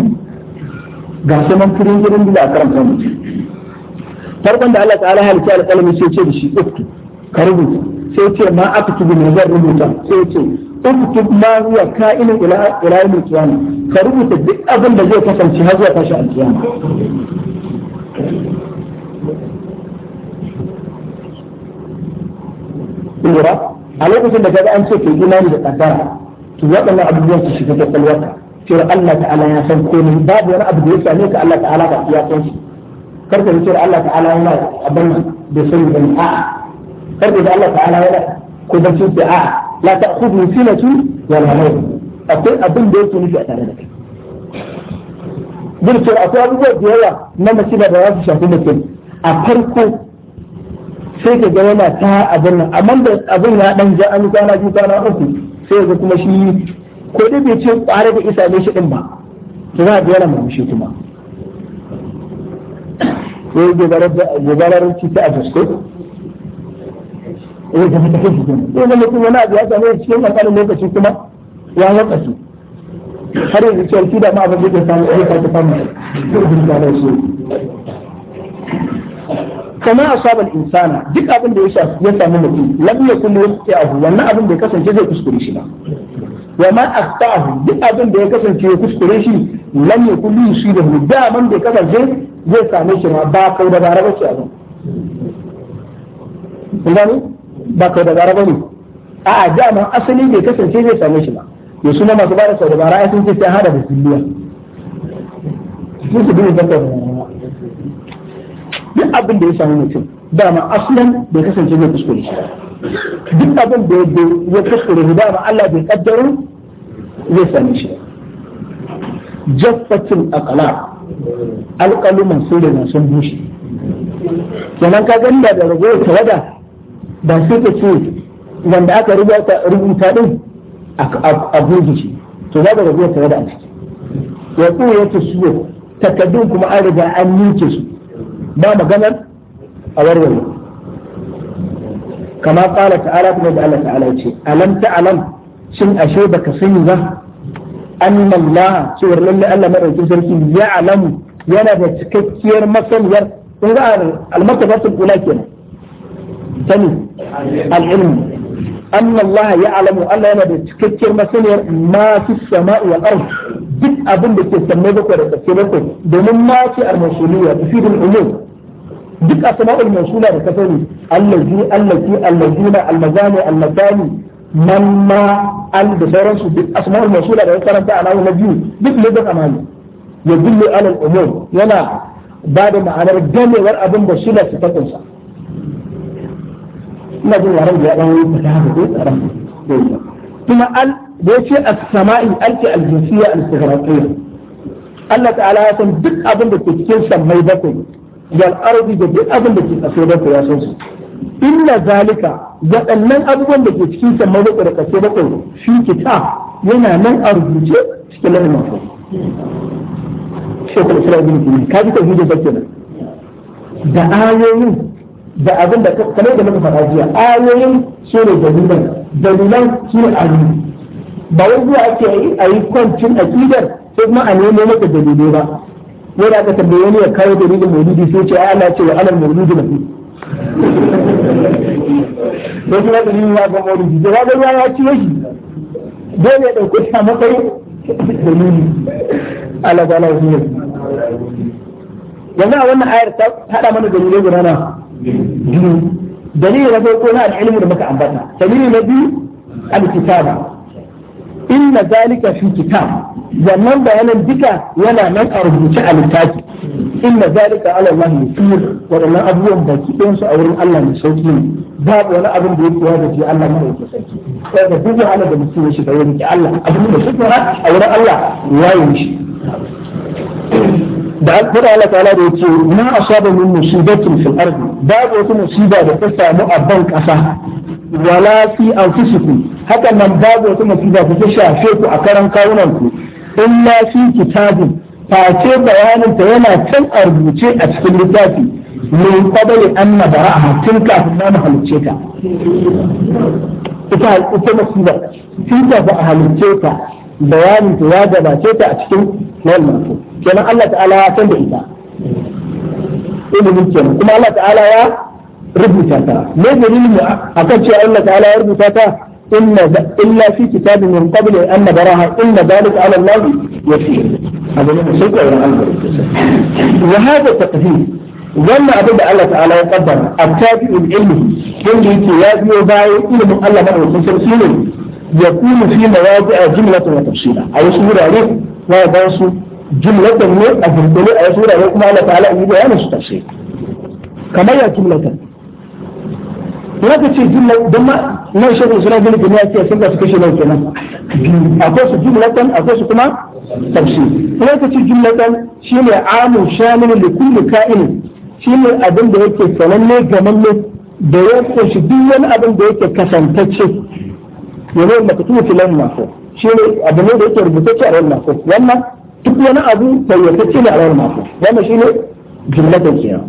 A: ga su man turin gidan da a karanta mutum farkon da Allah ta'ala halitta alƙalami sai ce da shi uktu ka rubuta sai ce ma aka tubi ne zan rubuta sai ce uktub ma huwa ka'inun ila ila yawmil qiyamah ka rubuta duk abin da zai kasance har zuwa tashi alkiyama lura a lokacin da kaga an ce ke imani da kaddara to waɗannan abubuwan su shiga kwakwalwarka cewa Allah ta'ala ya san komai babu wani abu da ya same ka Allah ta'ala ba ya san shi karka ce Allah ta'ala yana abin da sani bane a'a farko da Allah ta'ala yana ko da cin a la ta'khudhu sinatu wa la nawm akwai abin da yake nufi a tare da kai bin cewa akwai abubuwa da yawa na masiba da za su shafi mutum a farko sai ka ga yana ta abin nan amma da abin ya dan ja an kwana biyu kwana uku sai ga kuma shi ko dai bai ce kware da isa ne shi din ba to za a ga yana murmushi kuma sai gobarar ci a fuskar eh da ta eh, cikin sai da ya kuma ya wakasu har yanzu abin da samu ya sake fama duk abin da ya samu mutum wannan abin da ya kasance zai kuskure shi ba wa ma astahu duk abin da ya kasance ya kuskure shi lam yakun yusibahu da man da kasance zai same shi ma ba kai da bara bace abin kun ba kau dabara ba ne a'a dama asali bai kasance zai same shi ba ya suna masu ba da kau dabara ai sun ce sai hada da kulliya sun su bin zakar duk abin da ya samu mutum dama asalin bai kasance zai kuskure
B: shi
A: duk abin da ya kuskure shi dama Allah bai kaddaro zai same shi jaffatin akala alƙaluman sirri na sun bushe kenan ka gani da ragowar tawada ba sai ka ce wanda aka rubuta din a gurgice to za ka rabuwa tare da a ciki ya ya ta suwa takaddun kuma an riga an yanke su ba maganar a warware kama kala ta'ala kuma da Allah ta'ala ce alam ta'alam shin ashe baka sani ba annan la cewar lalle Allah madaukin sarki ya alamu yana da cikakkiyar masaniyar kun ga kenan sani al-ilm anna Allah ya'lamu Allah yana da cikakkiyar masaniyar ma fi sama'i wal ard duk abin da ke sammai bakwai da kasai bakwai domin ma ce al-mawsuliyya tufidul ulum duk asma'ul mawsula da kasani allazi allati allazina almazani almatani man ma al da sauransu duk asma'ul mawsula da karanta a nawo na biyu duk ladan amani ya dillu alal umum yana ba da ma'anar ganewar abin da shila su ta ina jin yaran da ya dan ta haka ko karam tsaran kuma al da yace as-sama'i alki al-jinsiyya al-istighraqiyya Allah ta'ala ya san duk abin da ke cikin samai bakwai wal ardi da duk abin da ke kasai bakwai ya san su inna zalika waɗannan abubuwan da ke cikin samai bakwai da kasai bakwai shi kitab yana nan a rubuce cikin lahin mafi shekul islam bin kimi ka ji tauhidin bakwai da ayoyin da abin da kamar da muka faɗa jiya ayoyin su ne dalilan dalilan su ne alimi ba wai zuwa ake a yi kwancin akidar ko kuma a nemo maka dalilai ba wai da aka tambaye wani ya kawo dalilin maulidi sai ce ai Allah ce wa alal maulidi na fi ko kuma dalilin ya ga maulidi da wajen ruwa ya ci shi dole ya dauke shi a matsayin dalili Allah ba la yanzu a wannan ayar ta hada mana dalilai guda na biyu dalili na farko na al'ilmu da muka ambata dalili na biyu alkitaba. inna zalika fi kitab wannan bayanan duka yana nan a rubuce a littafi inna zalika ala Allah yusir waɗannan abubuwan baki ɗin su a wurin Allah mai sauki ne babu wani abin da yake wada ji Allah mai yake sauki sai da duk wahala da mutum ya shiga wurin Allah abin da shi a wurin Allah ya yi shi da alfura Allah ta'ala da yace na asaba min musibatin fil ardi babu wata musiba da ta samu a ban kasa wala fi anfusikum haka nan babu wata musiba da ta shafe ku a karan kawunan ku illa fi kitabin face bayanin ta yana can a rubuce a cikin littafi min qabli an nabra'a tun kafin na halicce ka. ita ita musiba tun kafin a halicce ka. bayanin ta ya gabace ta a cikin nan mafi kenan Allah ta'ala ya san da ita ilimin kenan kuma Allah ta'ala ya rubuta ta me dalilin akan cewa Allah ta'ala ya rubuta ta inna illa fi kitabin min qabli an nabaraha inna dhalika 'ala Allah yasir hada ne sai ga Allah wa hada taqdim wannan abin da Allah ta'ala ya kaddara at-tabi'ul ilmi wanda yake ya biyo bayan ilimin Allah madaukakin sarki ne يكون في مواضع جملة وتفصيلا أو سورة عليه ويبان سورة جملة من أجل أي سورة عليكم الله تعالى يبقى أنا تفصيل كما هي جملة lokaci jumla don ma nan shi ne suna gani jami'a ke sun da su kashe nan kenan akwai su jumlatan akwai su kuma tafsi lokaci jumlatan shi ne amun shamil da kulli ka'in shi ne abin da yake sananne gamanne da ya kunshi duk wani abin da yake kasantacce yanzu maktubu fil lawhil mahfuz shi ne abu ne da yake rubutacce a lawhil mahfuz wannan duk wani abu bayyantacce ne a lawhil mahfuz wannan shi ne jumlatan kenan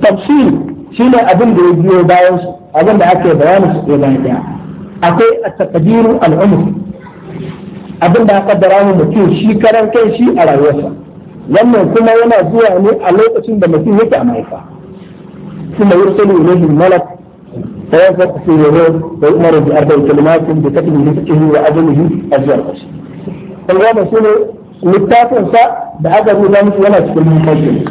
A: tafsir shi ne abin da ya biyo bayan su abin da ake yi bayanin su ke bayan ɗaya akwai a takadiru al'umur abin da aka dara mu mutum shi karan kai shi a rayuwarsa wannan kuma yana zuwa ne a lokacin da mutum yake a mahaifa kuma yursalu ilayhi malak ويفرق في الوضوء ويؤمر بأربع كلمات بكتب نفسه وعدمه الزرق فالغابة سنة متاتا سا بهذا النظام ولا تكون مخجل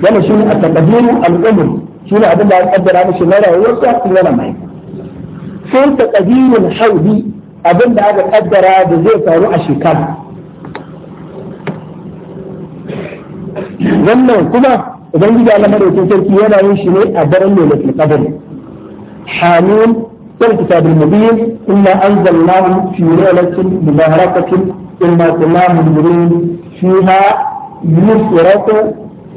A: لما سنة التقدير الأمر سنة عبد الله أدر عن السنة لا يرسى ولا ما يكون سنة تقدير الحوضي أبن بعد أدر عن زيت روح الشكال لما كما ubangiji Allah madaukakin sarki yana yin shi ne a daren حاميم والكتاب المبين إنا أنزلناه في ليلة مباركة إنا كنا منذرين فيها يفرق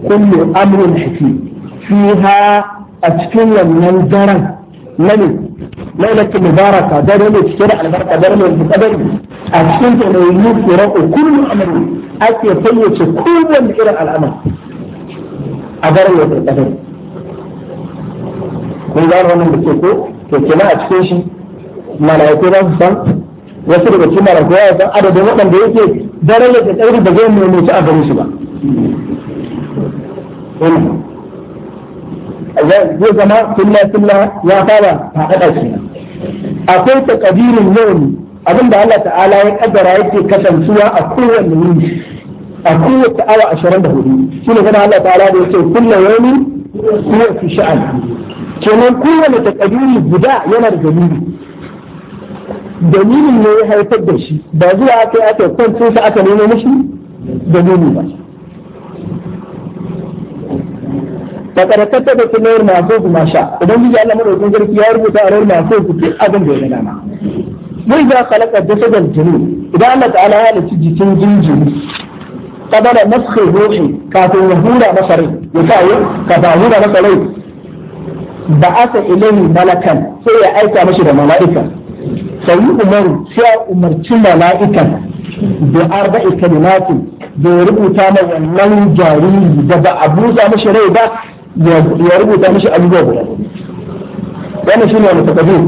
A: كل أمر حكيم فيها أتكلم من درن لني ليلة مباركة درن الشرع البركة درن المتقبل أتكلم من يفرق كل أمر أتي فيك كل من الأمر أدرن المتقبل kun gano wannan da ke ko to kenan a cikin shi malaiku za su san wasu daga cikin malaiku ya san adadin waɗanda yake darajar da tsairi da zai nemi su a gare shi ba zai zama sunna sunna ya fara a haɗa shi akwai takadirin yawmi abin da Allah ta'ala ya kaddara yake kasancewa a kowanne yini a kowace awa shi ne kana Allah ta'ala da yake kullu yawmin
B: huwa fi sha'an
A: kenan kowane takadiri guda yana da dalili dalilin ne ya haifar da shi ba zuwa aka yi aka kwanci sa aka nemo mashi dalili ba Ba karatar da ta nayar ko kuma sha idan biji Allah madaukakin sarki ya rubuta a yarma masu ku duk abin da ya dama mun za da jasadal jinni idan Allah ta'ala ya halarci jikin jinjiri kabala nafsi ruhi kafin ya hura masa rai ya sa yi kafin hura masa rai ba aka ilahi malakan sai ya aika mashi da mala'ika sai umaru sai ya umarci mala'ikan da arba'i kalimati da ya rubuta mai wannan jariri da ba a busa mashi rai ba ya rubuta mashi abubuwa guda wannan shine wani takabir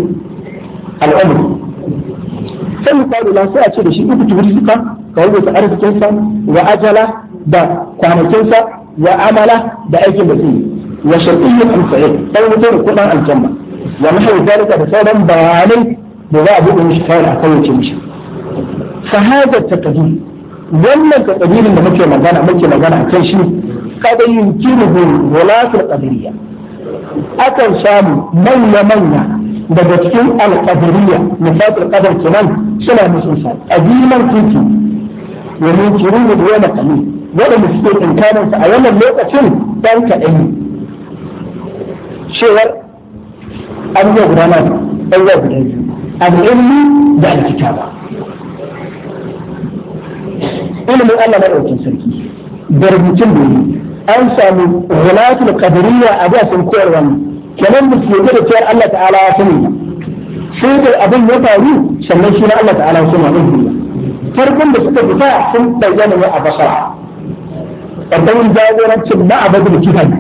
A: al'amur sai misali la sai a ce da shi uku turi suka tsawaita arzikinsa wa ajala da kwanakinsa wa amala da aikin da su yi wa shar'iyyu al-sa'id tsawaita da kudin aljanna wa nahawu zalika da sauran bayanai da za a buɗe mishi kawai a kawace mishi fa hadha wannan taqdirin da muke magana muke magana akan shi kada yumkinuhu walatul qadiriyya akan samu manya manya daga cikin alƙadiriya na fatar ƙadar suna musun sa aziman ومن كريم ديانة قليل ولم يستيق إن كان فأيام الموقع سن تنك أي شير أبو رمان أبو رمان العلم دع الكتابة علم الله مرأة سنكي درب تنبي أن سامي غلاة القدرية أبو أسن كورم كمان مسلمين تير الله تعالى سنين سيد الأبو يطاوي سنشين الله تعالى سنين farkon da suka fita sun bayyana ne a basara ƙarƙashin jagorancin ma'abadul kifan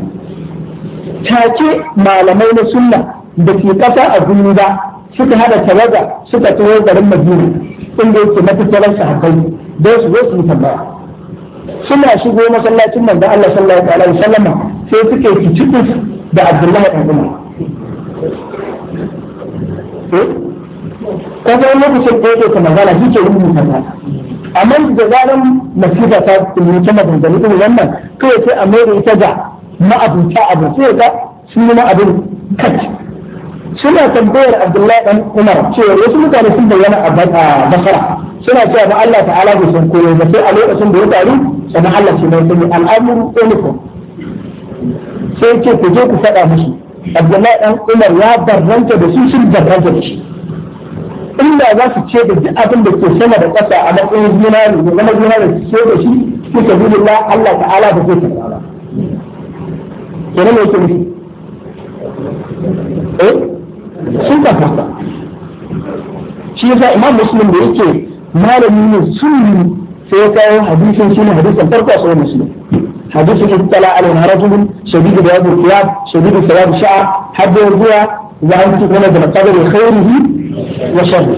A: take malamai na sunna da ke ƙasa a duniya suka hada tawaga suka taho garin madina inda yake matattaran sahabbai don su zo su tambaya suna shigo masallacin da Allah sallallahu alaihi wasallam sai suke kicikus da Abdullahi ibn Umar eh? kuma lokacin da yake ta magana shi ke rubuta ta amma da zaran masifa ta rubuta maganganu irin wannan kawai sai a mai da ita ga ma'abuta abu sai ga sun yi ma'abin kaci suna tambayar abdullahi dan umar cewa wasu mutane sun bayyana a basara suna cewa ba Allah ta'ala bai san koyo ba sai a lokacin da ya faru sannan Allah shi mai sani al'amuru ulukum sai ce ku je ku faɗa musu abdullahi dan umar ya barranta da su sun barranta da shi inda za su ce da duk abin da ke sama da ƙasa a matsayin zinari da zama zinari su ce da shi su ta gudu la Allah ta'ala da zai karɓa ba kenan me yake nufi eh sun ka fasa shi yasa imam muslim da yake malami ne sunni sai ya kawo hadisin shi ne hadisin farko a sahih muslim hadisin ibtala al-harajul shadid da yabu qiyab shadid da yabu sha'r hadda ruwa وينطقون بالقدر خيره وشره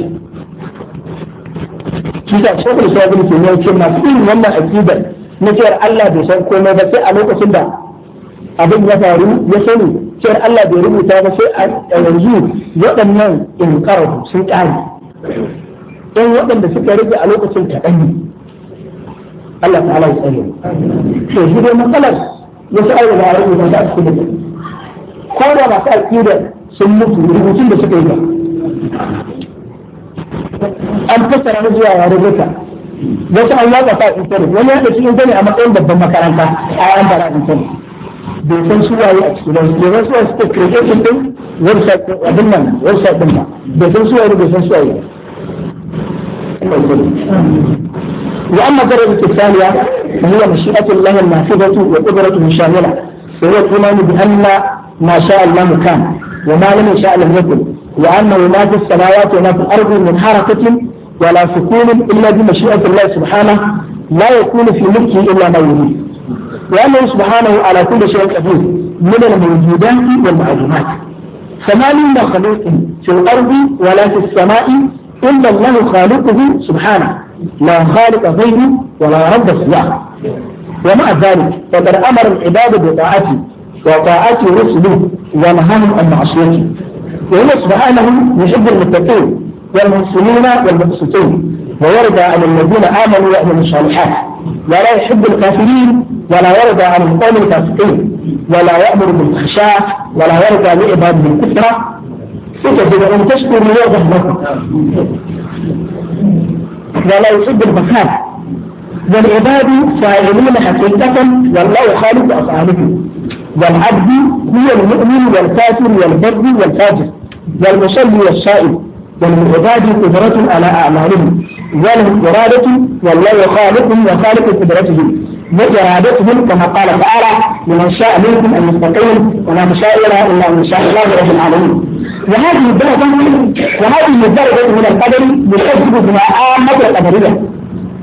A: shi da shekul sabin ke ne ce masu yin wannan akidar na cewar Allah bai san komai ba sai a lokacin da abin ya faru ya sani cewar Allah bai rubuta ba sai a yanzu waɗannan in sun ƙare ɗan waɗanda suka rage a lokacin kaɗan Allah to su da masu akidar sun mutu rubutun da suka yi ba an fassara na zuwa yare duka wasu an yaka sa intanet wani yaka cikin intanet a matsayin babban makaranta a an bara intanet bai san su waye a cikin wani bai san su waye suka kirkir din website din abin nan website din ba bai san su waye bai san su waye وأما درجة الثانية فهي مشيئة الله النافذة وقدرته الشاملة فهو الإيمان بأن ما شاء الله كان وما لم يشاء لم يكن وأنه ما في السماوات وما في الأرض من حركة ولا سكون إلا بمشيئة الله سبحانه لا يكون في ملكه إلا ما يريد وأنه سبحانه على كل شيء قدير من الموجودات والمعلومات فما من مخلوق في الأرض ولا في السماء إلا الله خالقه سبحانه لا خالق غيره ولا رب سواه ومع ذلك فقد أمر العباد بطاعته وطاعته رسله ونهاهم عن معصيته وهو سبحانه يحب المتقين والمحسنين والمقسطين ويرضى عن الذين امنوا ويعملوا الصالحات ولا يحب الكافرين ولا يرضى عن القوم الفاسقين ولا يامر بالخشاع ولا يرضى من كثرة ستة ان تشكر يرضى لكم ولا يحب المكان والعباد فاعلين حقيقة والله خالق أفعالهم والعبد هو المؤمن والكافر والبر والفاجر والمصلي والصائم والمعباد قدرة على أعمالهم ولهم إرادة والله خالقهم وخالق قدرتهم وإرادتهم كما قال تعالى لمن شاء منكم أن يستقيم وما تشاء إلا أن شاء الله رب العالمين وهذه الدرجة وهذه الدرجة من القدر بحسب بما عامة القدرية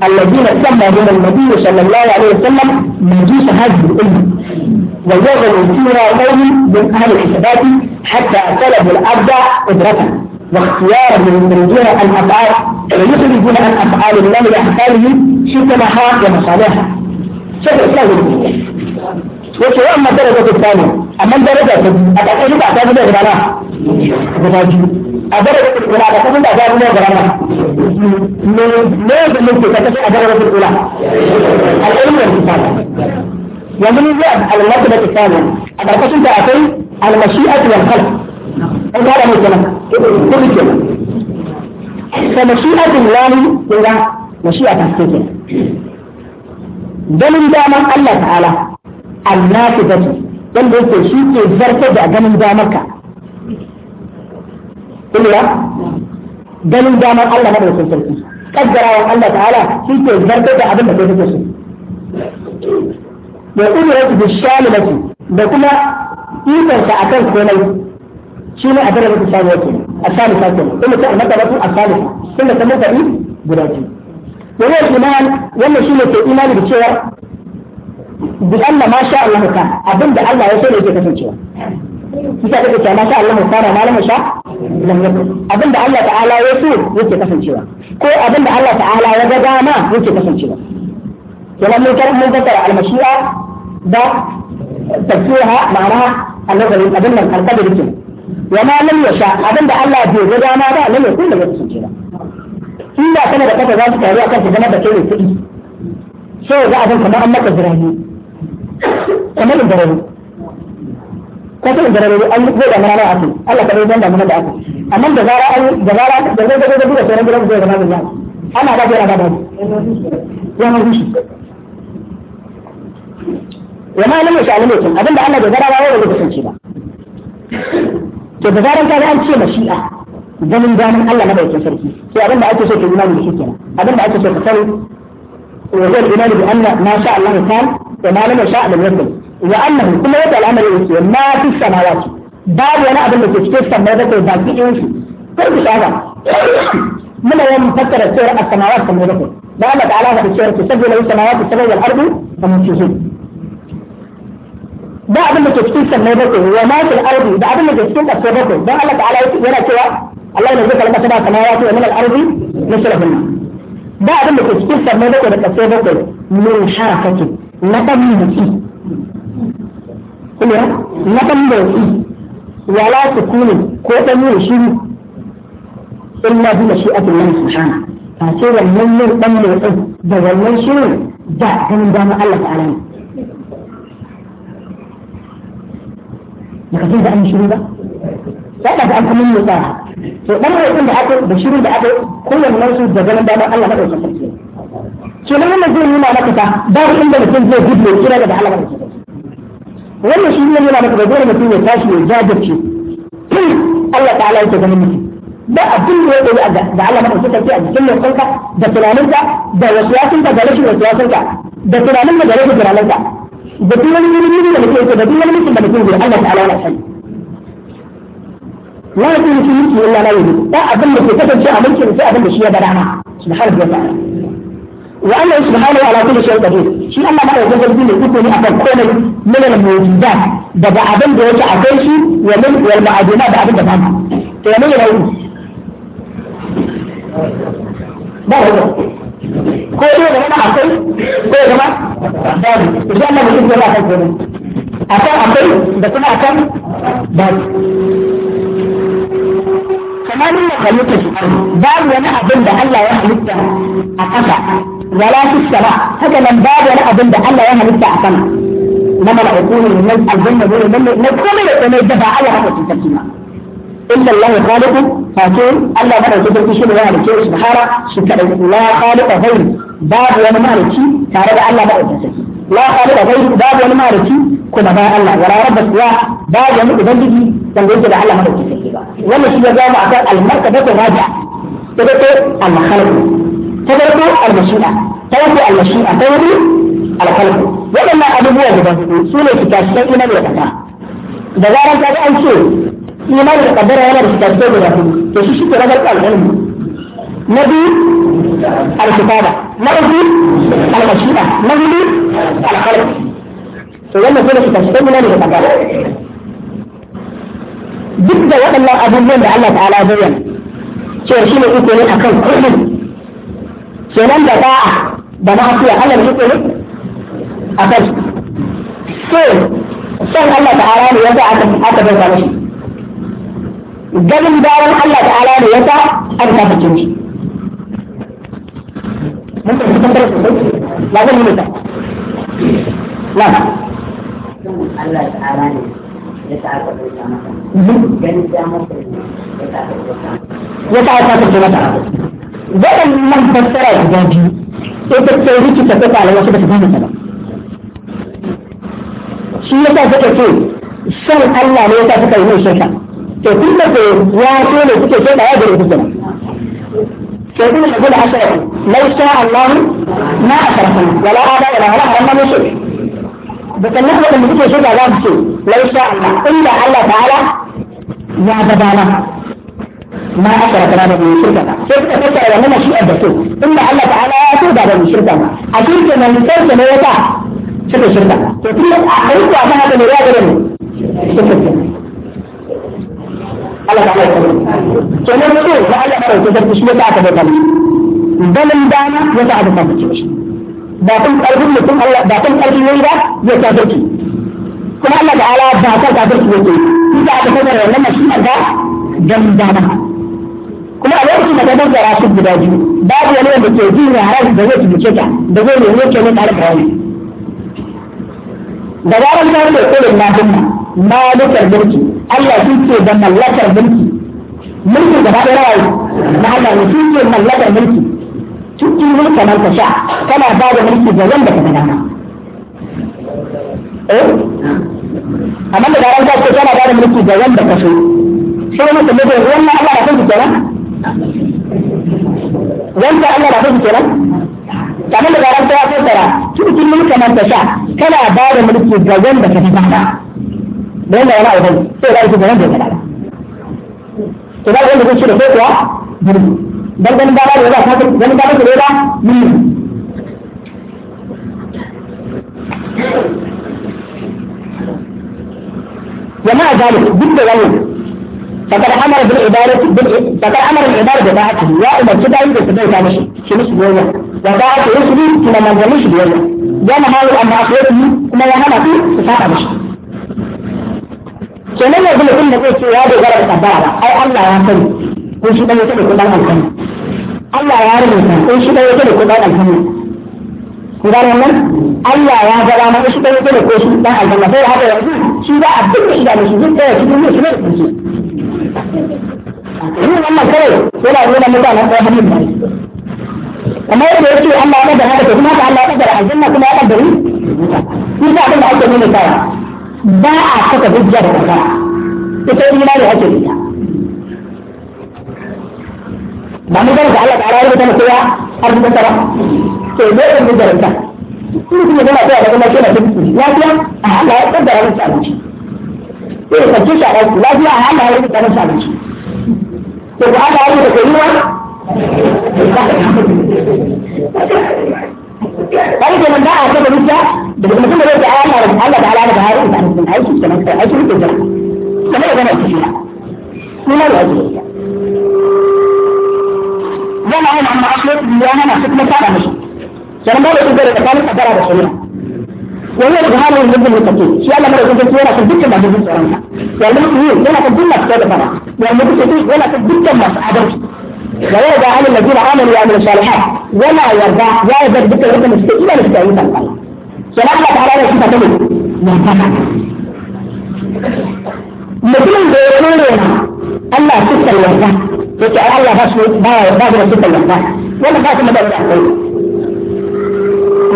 A: الذين سمى بهم النبي صلى الله عليه وسلم مجوس هذه الأمة وجعلوا فيها قوم من أهل الحسابات حتى طلبوا الأبد قدرته واختيارا من يخرجون الأفعال ويخرجون عن أفعال الله لأحكامهم حكمها ومصالحها شكرا الله wato wa درجة الثانية أما درجة الثانية daraja ta a ƙarƙashin أدرجة الأولى بكم أنت أجاب لي غرامة ليه من تتكشف أدرجة الأولى العلم والكفاية ومن يجب على المرتبة الثانية أدرجة أنت أتي المشيئة والخلق أنت هذا مثلا كل كلمة فمشيئة الله إلى مشيئة السجن ganin daman Allah ta'ala annafidatu wanda yake shi ke zartar da ganin damarka kullura ganin damar Allah na madaukakin sarki kaddarawan Allah ta'ala shi ke zartar da abin da kai kake so wa qudratu bishalimati da kuma ikon sa akan komai shi ne abin da kake samu yake a sami sake kuma ta annaba wato a Sun kuma ta mutane guda biyu wannan iman wannan ne ke imani da cewa bi Allah ma sha Allah ka abin da Allah ya so ne ke kasancewa kisa kake cewa ma sha Allah ka ma malama sha lam yakun abin da Allah ta'ala ya so yake kasancewa ko abinda Allah ta'ala ya ga dama yake kasancewa kenan mun kar mun fassara al-mashi'a da tafsirha ma'ana annabi abin nan al-qadar yake wa ma lam yasha abin da Allah bai ga dama ba lam yakun da kasancewa.
B: kasance ba inda kana da kafa za su taru akan su zama
A: da kai ne kuɗi sai ga abin kamar an maka zirani kamar da rauni ta kan da rabu an zai da mana aku Allah ka rubuta da mana da aku amma da zara an da zara da zai da zai da sauran da zai da mana da ana ba da ba ya ma shi wa ma lam yasha alim yakin abinda Allah da zara ba ya da kasance ba to da zaran ka ga an ce mashi'a ganin ganin Allah na bakin sarki sai abinda ake so ke imani da shi kenan abinda ake so ka sani وهو الإيمان بأن ما شاء الله كان وما لم يشاء لم يكن وأنه كل يوم العمل يوسف ما في السماوات باب أنا أبن لك كيف سمعت ذلك الباب في يوسف كل شيء <coughs> من يوم فكر السورة السماوات كم يدخل بأن تعالى في السورة تسجل له السماوات السماء والأرض ومن في شيء بعد ما تكتب سمعت وما في الأرض بعد ما تكتب سمعت بأن لك يرى كوا الله ينزل لما سبع سماوات ومن الأرض نسل هنا بعد ما تكتب لك وما في الأرض من شرفة نتمنى فيه kuma na kan da shi wala sukuni ko dan yin shiru illa bi mashi'atillah subhanahu a ce wannan yin dan motsin da wannan shirin da ganin dama Allah ta'ala ne baka jin da an shiru ba sai da an kuma motsa to dan motsin da aka da shirin da aka kowannen su da ganin dama Allah madaukakin sarki ce nan wannan zai nuna maka ta babu inda mutum zai gudu kira daga Allah madaukakin wannan shi ne yana maka dole mutum ya tashi ya jajirce Allah ta'ala yake ganin mutum ba abin da ya koyi da Allah maka suka ce a jikin lantarka da tunaninka da wasuwasinka da rashin wasuwasinka da tunaninka da rashin tunaninka da duk wani mulki da mutum da duk wani mulki da mutum zai Allah ta'ala yana sani la yakunu fi mulki illa la yuridu ba abin da ke kasance a mulkin sai abin da shi ya ga dama subhanahu wa ta'ala wa Allah subhanahu wa ta'ala shi kadir shi Allah ma yake gaji ne kuke ne akan komai min al mawjudat daga abin da yake akan shi wa min wal ma'aduna da abin da ba to yana yana yi ba ko ko ne da mana akai ko da ma ba idan Allah mutum ya ba kai akan akai da kuma akan ba kamar nuna halitta su babu wani abin da Allah ya halitta a ƙasa wala fi sama haka nan babu wani abin da Allah ya halitta a sama na mala'iku ne na aljanna ne na komai da komai da ba Allah haka cutar kima إلا الله خالق فاتون الله بدأ تدر في شنو يعني كيف سبحانه شكرا لا خالق غير باب وانا مالكي تعالى الله بدأ تسكي لا خالق غير باب وانا مالكي كما باب الله ولا رب سواه باب وانا أبنجي tambaye shi da Allah madauki sarki ba wannan shi ya ga mu akan almartabatu rabi'a ta ga to al-khalq ta ga to al-mashi'a ta ga to al-mashi'a ta ga al-khalq wadannan abubuwa guda hudu su ne fitaccen imani da kasa da zaran ka ga an ce imani da kaddara yana da fitaccen guda hudu to shi shi ke rabar al-ilmi na biyu al-kitaba na uku al-mashi'a na hudu al-khalq to wannan su ne fitaccen imani da kasa duk da waɗannan abubuwan da Allah ta'ala bayyana cewa shi ne iko ne kuɗin ke nan da ba'a da ma'asiya Allah ne iko ne su so son Allah ta'ala ne yasa aka aka bauta mashi ganin bayan Allah ta'ala ne yasa aka ta fice shi mun ta fitan da su
B: ba zan yi ta na Allah ta'ala ne يسعى
A: ساتر جماعة waɗannan fassara guda biyu sai ta ce riki ta kafa alawa su ba su gane ta ba shi ya sa suka ce san Allah ne ya sa suka yi mai shirka to tun da ke ya so ne suke shirka ya gare su kenan
B: شيطان يقول عشرة لو شاء الله ما أشركنا ولا آباء ولا هلا حرمنا من شيء da sannan waɗanda suke shiga za
A: su ce laisa Allah inda Allah ta'ala
B: ya ga dama
A: ma aka rakara da mai shirka sai suka kasa da wannan shi'ar da su inda Allah ta'ala ya so da mai shirka a shirka nan sai ne ya sa suka shirka to tun da a kai kuwa haka ne ya ga da mu shirka Allah ta'ala ya kawo kenan so da Allah ta kawo ta shi ya sa aka da balin dama dana sa aka kawo ta shi ba kan karfin mutum Allah ba kan karfin yayi ba ya kafirci kuma Allah ta'ala ba kan kafirci yake shi da aka sanar wannan mashi'a da kuma a lokacin da ta dangara su guda biyu babu wani wanda ke jin yaran da zai tubuce ta da zai nemi ke nan alƙawari da zaran ta da kullum na dinna malikar mulki Allah shi ke da mallakar mulki mulki da ɗaya na Allah ne shi ke mallakar mulki tuki mulka man ta sha kana ba da mulki ga wanda ta, gada eh amma da ran ta kana ba da mulki ga wanda ka so sai mun tabbata wannan Allah da kanki kenan
B: wanda Allah da kanki kenan kamar da ran ta ce tara tuki mulka man ta sha kana
A: ba da mulki ga wanda ka gada da yana wani abu sai da shi ga wanda ya gada to da wanda ke shi da sai kuwa dan ganin dama da ba ta ganin dama da ومع ذلك ضد ولد فقد امر بالعبارة فقد امر العباده بطاعته يا امر كده انت تبقى ماشي في نص بيوم وطاعته رسلي كما ما نزلوش بيوم جاء نهار أما اخرته كما يهنا فيه فساعه ماشي kenan يقول لك إنك zai ce ya dogara da sabara ai Allah ya ko shi ɗaya da kuɗin alkhairi Allah ya rubuta ko shi ɗaya da kuɗin Allah ya ko shi ɗaya da ko shi ɗan sai haka yanzu shi za a duka idanu shi duk ɗaya shi
B: ne wannan yana nuna mutanen ɗaya hannun bari kamar yadda yake Allah ya kaddara kuma Allah
A: ya kaddara aljanna kuma ya kaddara da ake nuna ba a saka da ita da ake nuna ba mu gana da Allah ta'ala ya mutane sai ya arzikin ta ba to ne da mu garanta in kuma yana tsaya da kuma shi na tafi lafiya a Allah ya kaddara masa abinci sai ya kace shi a ɗauki lafiya a Allah ya rubuta masa abinci to ko Allah ya rubuta kai
B: ruwa Kali kenan da a saka dukiya da mutum da zai ta Allah da Allah da Allah da hari da aiki da
A: aiki da jama'a. Kamar da kana cikin. Kuma da aiki. zama yana na ashe ya hana su kuma saba musu sanan ba da su da tsakanin kadara da sunna wani da hana yin zubin mutake shi Allah mara zubin yana kan dukkan masu zubin tsaron ka yanzu mutum yin yana kan dukkan masu da fara yanzu mutum yana kan dukkan masu adalci da yau da halin lajina amal ya amal salihat wala yarda ya yarda da dukkan wanda suke ina da suke yi sanan Allah ta'ala ya shi ta kame
B: yarda
A: mutumin da ya kore Allah sukar yarda yake ai Allah ba su ba ba da sukar yarda ba su da akwai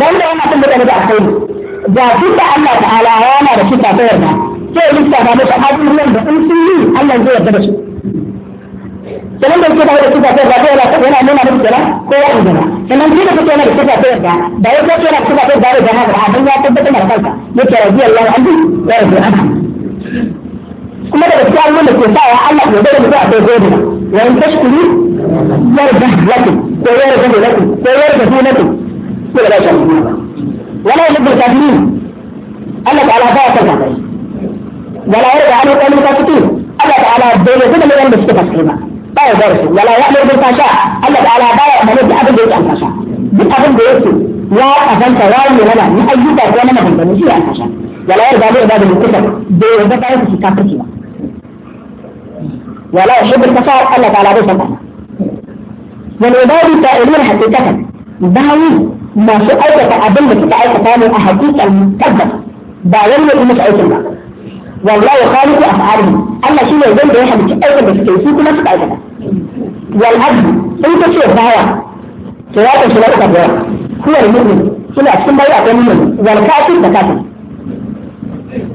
A: wanda yana son mutane da akwai da duk da Allah ta'ala yana da sukar ta yarda sai ya lissafa musu abubuwan da in sun yi Allah zai yarda da su sannan da suka da sukar ta yarda yana yana nuna musu kenan ko ya ba. sannan shi da kuke yana da sukar ta yarda da ya kace yana da sukar ta yarda da jama'a da abin ya tabbatar da kanka, yake radiyallahu anhu wa radiyallahu
B: kuma daga cikin abubuwan da ke sa ya Allah ya bada mutum a kai
A: gobe wa in tashkuru yarda lakum ko yarda lakum ko yarda fi lakum ko da shan wala yuhibbul kafirin Allah ta'ala ba ya san kai wala yarda an qawlul kafirin Allah ta'ala bai yarda da wanda suke fasike ba ba ya zarsu wala ya'muru bil fasha Allah ta'ala ba ya mana da abin da yake alfasha duk abin da yake ya kafanta ya yi mana ni ayyuka ko na mabambani shi ya alfasha ولا يرضى لي عباد الكفر بيرضى في كافرتي ولا يحب الكفار الله تعالى بيسا الله والعباد حتى حقيقة باوي ما في أيضا أبن لك أيضا ثاني أحاديث المكذب باوي لك مش أيضا والله خالق أفعاله الله شنو يقول ده يحب أيضا بس كيسوك ما في أيضا والعبد أنت شو الدعوة سواء شنو هو المؤمن شنو أكسن باوي أكون مؤمن والكافر بكافر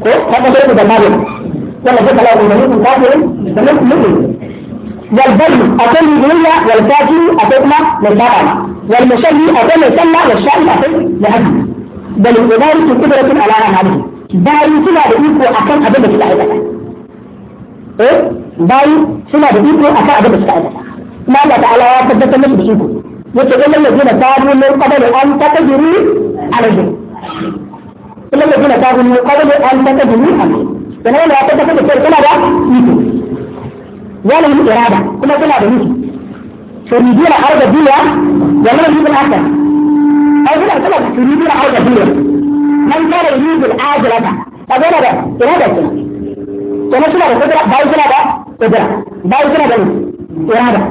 A: ko kaga sai da malik wala da kala da mun kafirin da mun mu'min wal bari akwai biyayya wal kafir akwai kuma mai saba wal musalli akwai mai sallah wal sha'i akwai mai hajji bal ibadu su kudratin ala halihi bayi suna da iko akan abin da suka aikata eh bayi suna da iko akan abin da suka aikata kuma Allah ta'ala ya tabbatar musu da iko yace illal ladina tabu min qabl an taqdiru alaihim إلا الذين تابوا من قبل أن تتبنوا أمري sannan da ta tafi da kai tana da iko wala yi irada kuma tana da nufi turidina arda duniya da nan yi bin akhir ai kuma tana da turidina arda duniya man kana yuridul ajilata kaga da irada ce kuma suna da kudura bai suna da kudura bai suna da irada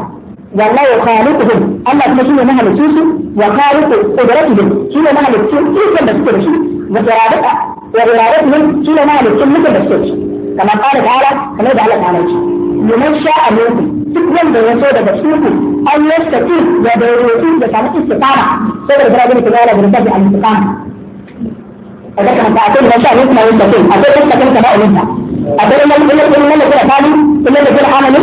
A: والله خالقهم الله كما شنو مهل تشوفه وخالق قدرتهم شنو مهل تشوفه كيف بدك تشوفه مترادفة وإرادتهم شيء ما لكل مثل بالسوش كما قال تعالى كما يدعى لك لمن شاء منكم duk wanda ya so daga suku an yastaki ya da roƙi da samu istiqama sai da ta yana da a al-istiqama kaga kan ta akai na sha ne kuma yin tafi akai kan tafi ka ba ulinta
B: akai nan ne ne ne kali ne ne da amali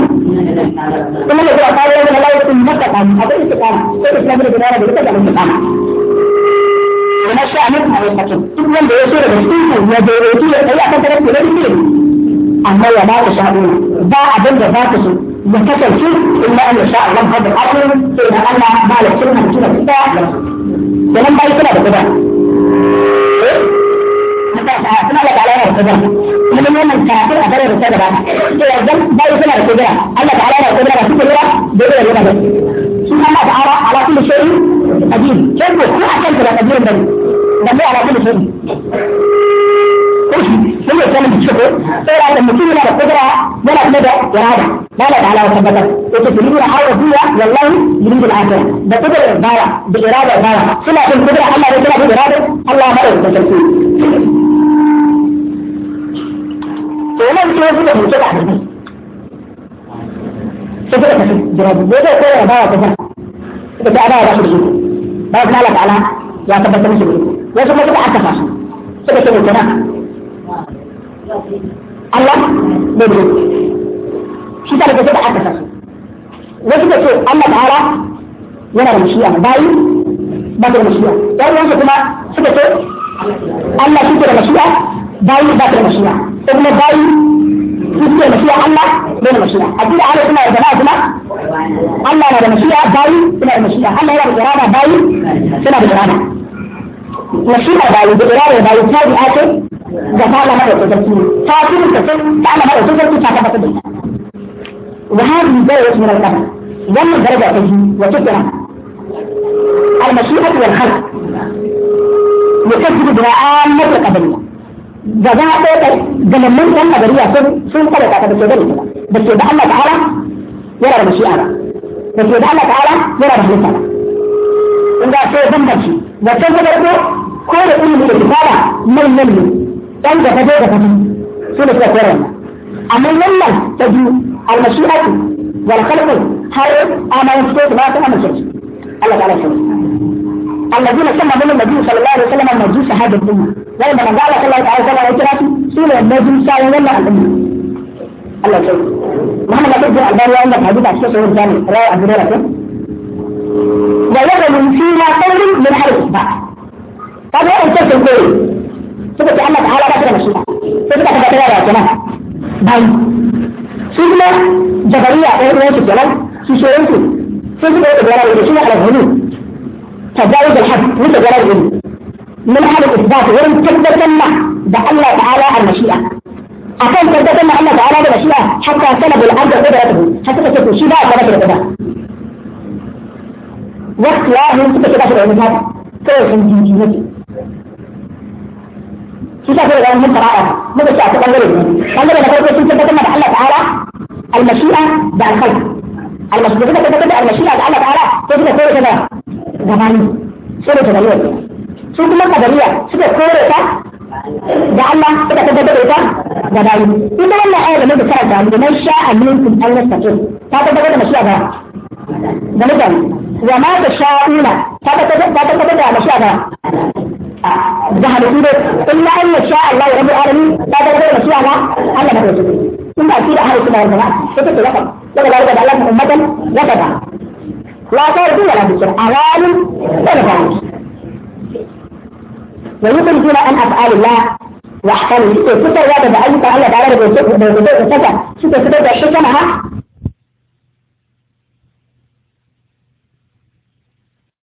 B: kuma da kali ne Allah ya tsumma ka A akai istiqama sai da birabi ta yana da
A: rabbi ولا شأنك على السكن كل من بيصير بسيطه يا بيروتي أي أحد ترى كده كتير أما يا باك شعبون باع بنت باك يكسر شيء إلا أن يشاء الله هذا الأمر إلا أن مالك سنة كده كده ولم باي كده كده أنا لك على كده من يوم من كافر أثر الرسالة بعد كده باي كده كده أنا تعالى كده كده كده كده سبحان الله تعالى على كل شيء قديم شربه هو عشان تبقى قديم بني دموه على كل شيء كل الكلام بتشوفه ترى لما تيجي لا قدرة ولا مدى ولا هدف بالغ على وثبتك وتتريد الحاجة فيها والله يريد العافية بقدر الضارة بالإرادة الضارة سمعة القدرة الله رجل بالإرادة الله مرض بالتنفيذ فهنا بتشوف كده من كده حبيبي كده كده كده بقى كده كده بقى كده ba kuma Allah ta'ala ya tabbatar musu ne wasu kuma suka aka su suka ce mai kana Allah ne ne shi ta daga suka aka su wasu ka ce Allah ta'ala yana da mashiya bayi ba da mashiya ɗan wasu kuma suka ce Allah shi ke da mashiya bayi ba da mashiya ko kuma bayi suke mashiya Allah bai da mashiya akida Allah suna da jama'a suna Allah na da mashiya bayi suna da mashiya Allah yana da irada bayi suna da irada
B: mashiya bayi da irada bayi ta bi ake ga Allah mara da sarki ta kuma ta san Allah mara da sarki ta ka
A: fata da وهذه درجة من القدر لما الدرجة تجي وتكره المشيئة والخلق يكذب بها عامة القدرية gaba ɗaya da gamannin ɗan nagariya sun sun kada ta da ke gari ba da ke da Allah ta'ala yana da mashi'a ba da ke da Allah ta'ala yana da halitta in ga sai bambanci wacce ta farko ko da ilimi da kifara mai nalmi ɗan da ta da ta su da suka koyar amma wannan ta biyu almashi'atu wal khalqu har amalan su ba ta amince Allah ta'ala shi الذين سمى من النبي صلى الله عليه وسلم المجوس هذا الأمة ولما قال صلى الله عليه وسلم وكراته سورة المجوس ساوي ولا الأمة الله يسلمك محمد أكبر الله الباني عندك حديث عشر سورة الثاني رأي أبو هريرة ويغلب فينا قول من حرف السباع طب هو الشيخ الكوري سبت أن تعالى بكرة مشروع سبت أن بكرة يا جماعة باي سيدنا جبرية أو رئيس الجلال في شورنتي سيدنا جبرية على الغنوب تجاوز الحد متجاوز من حال الإثبات غير تثبت ده الله تعالى المشيئة أقول تثبت لنا الله تعالى المشيئة حتى سلب الأرض قدرته حتى تكون شيء بقى كما كده وقت لا يمكن كده في العلمات كيف يمكن shi sa daga mun fara muka ci a ta bangare ne bangare na farko sun tabbatar المسجدين كده كده المشيئة على الله تعالى كده كده كده زماني سورة جبلية
B: su kuma kadariya suka kore ta da Allah suka tabbatar da ita da bayi
A: ita wannan ayar da muka karanta mu man sha aminkum an yastaqim ta tabbatar da mashiya ba da mutane wa ma ta sha'una ta tabbatar da mashiya ba da halittu ne illa an yasha Allah ya rabu alamin ta tabbatar da mashiya ba Allah ba ta ثم أكيد احد السنة والجماعة شكرا لكم لقد أردت أن لكم أمة وسطا لا خير ولا بشر أغاني ولا فانش فينا ان أفعال الله وأحكامه ستة إيه، وتبعيد الله تعالى بالصدق والصدق شكرا شكرا شكرا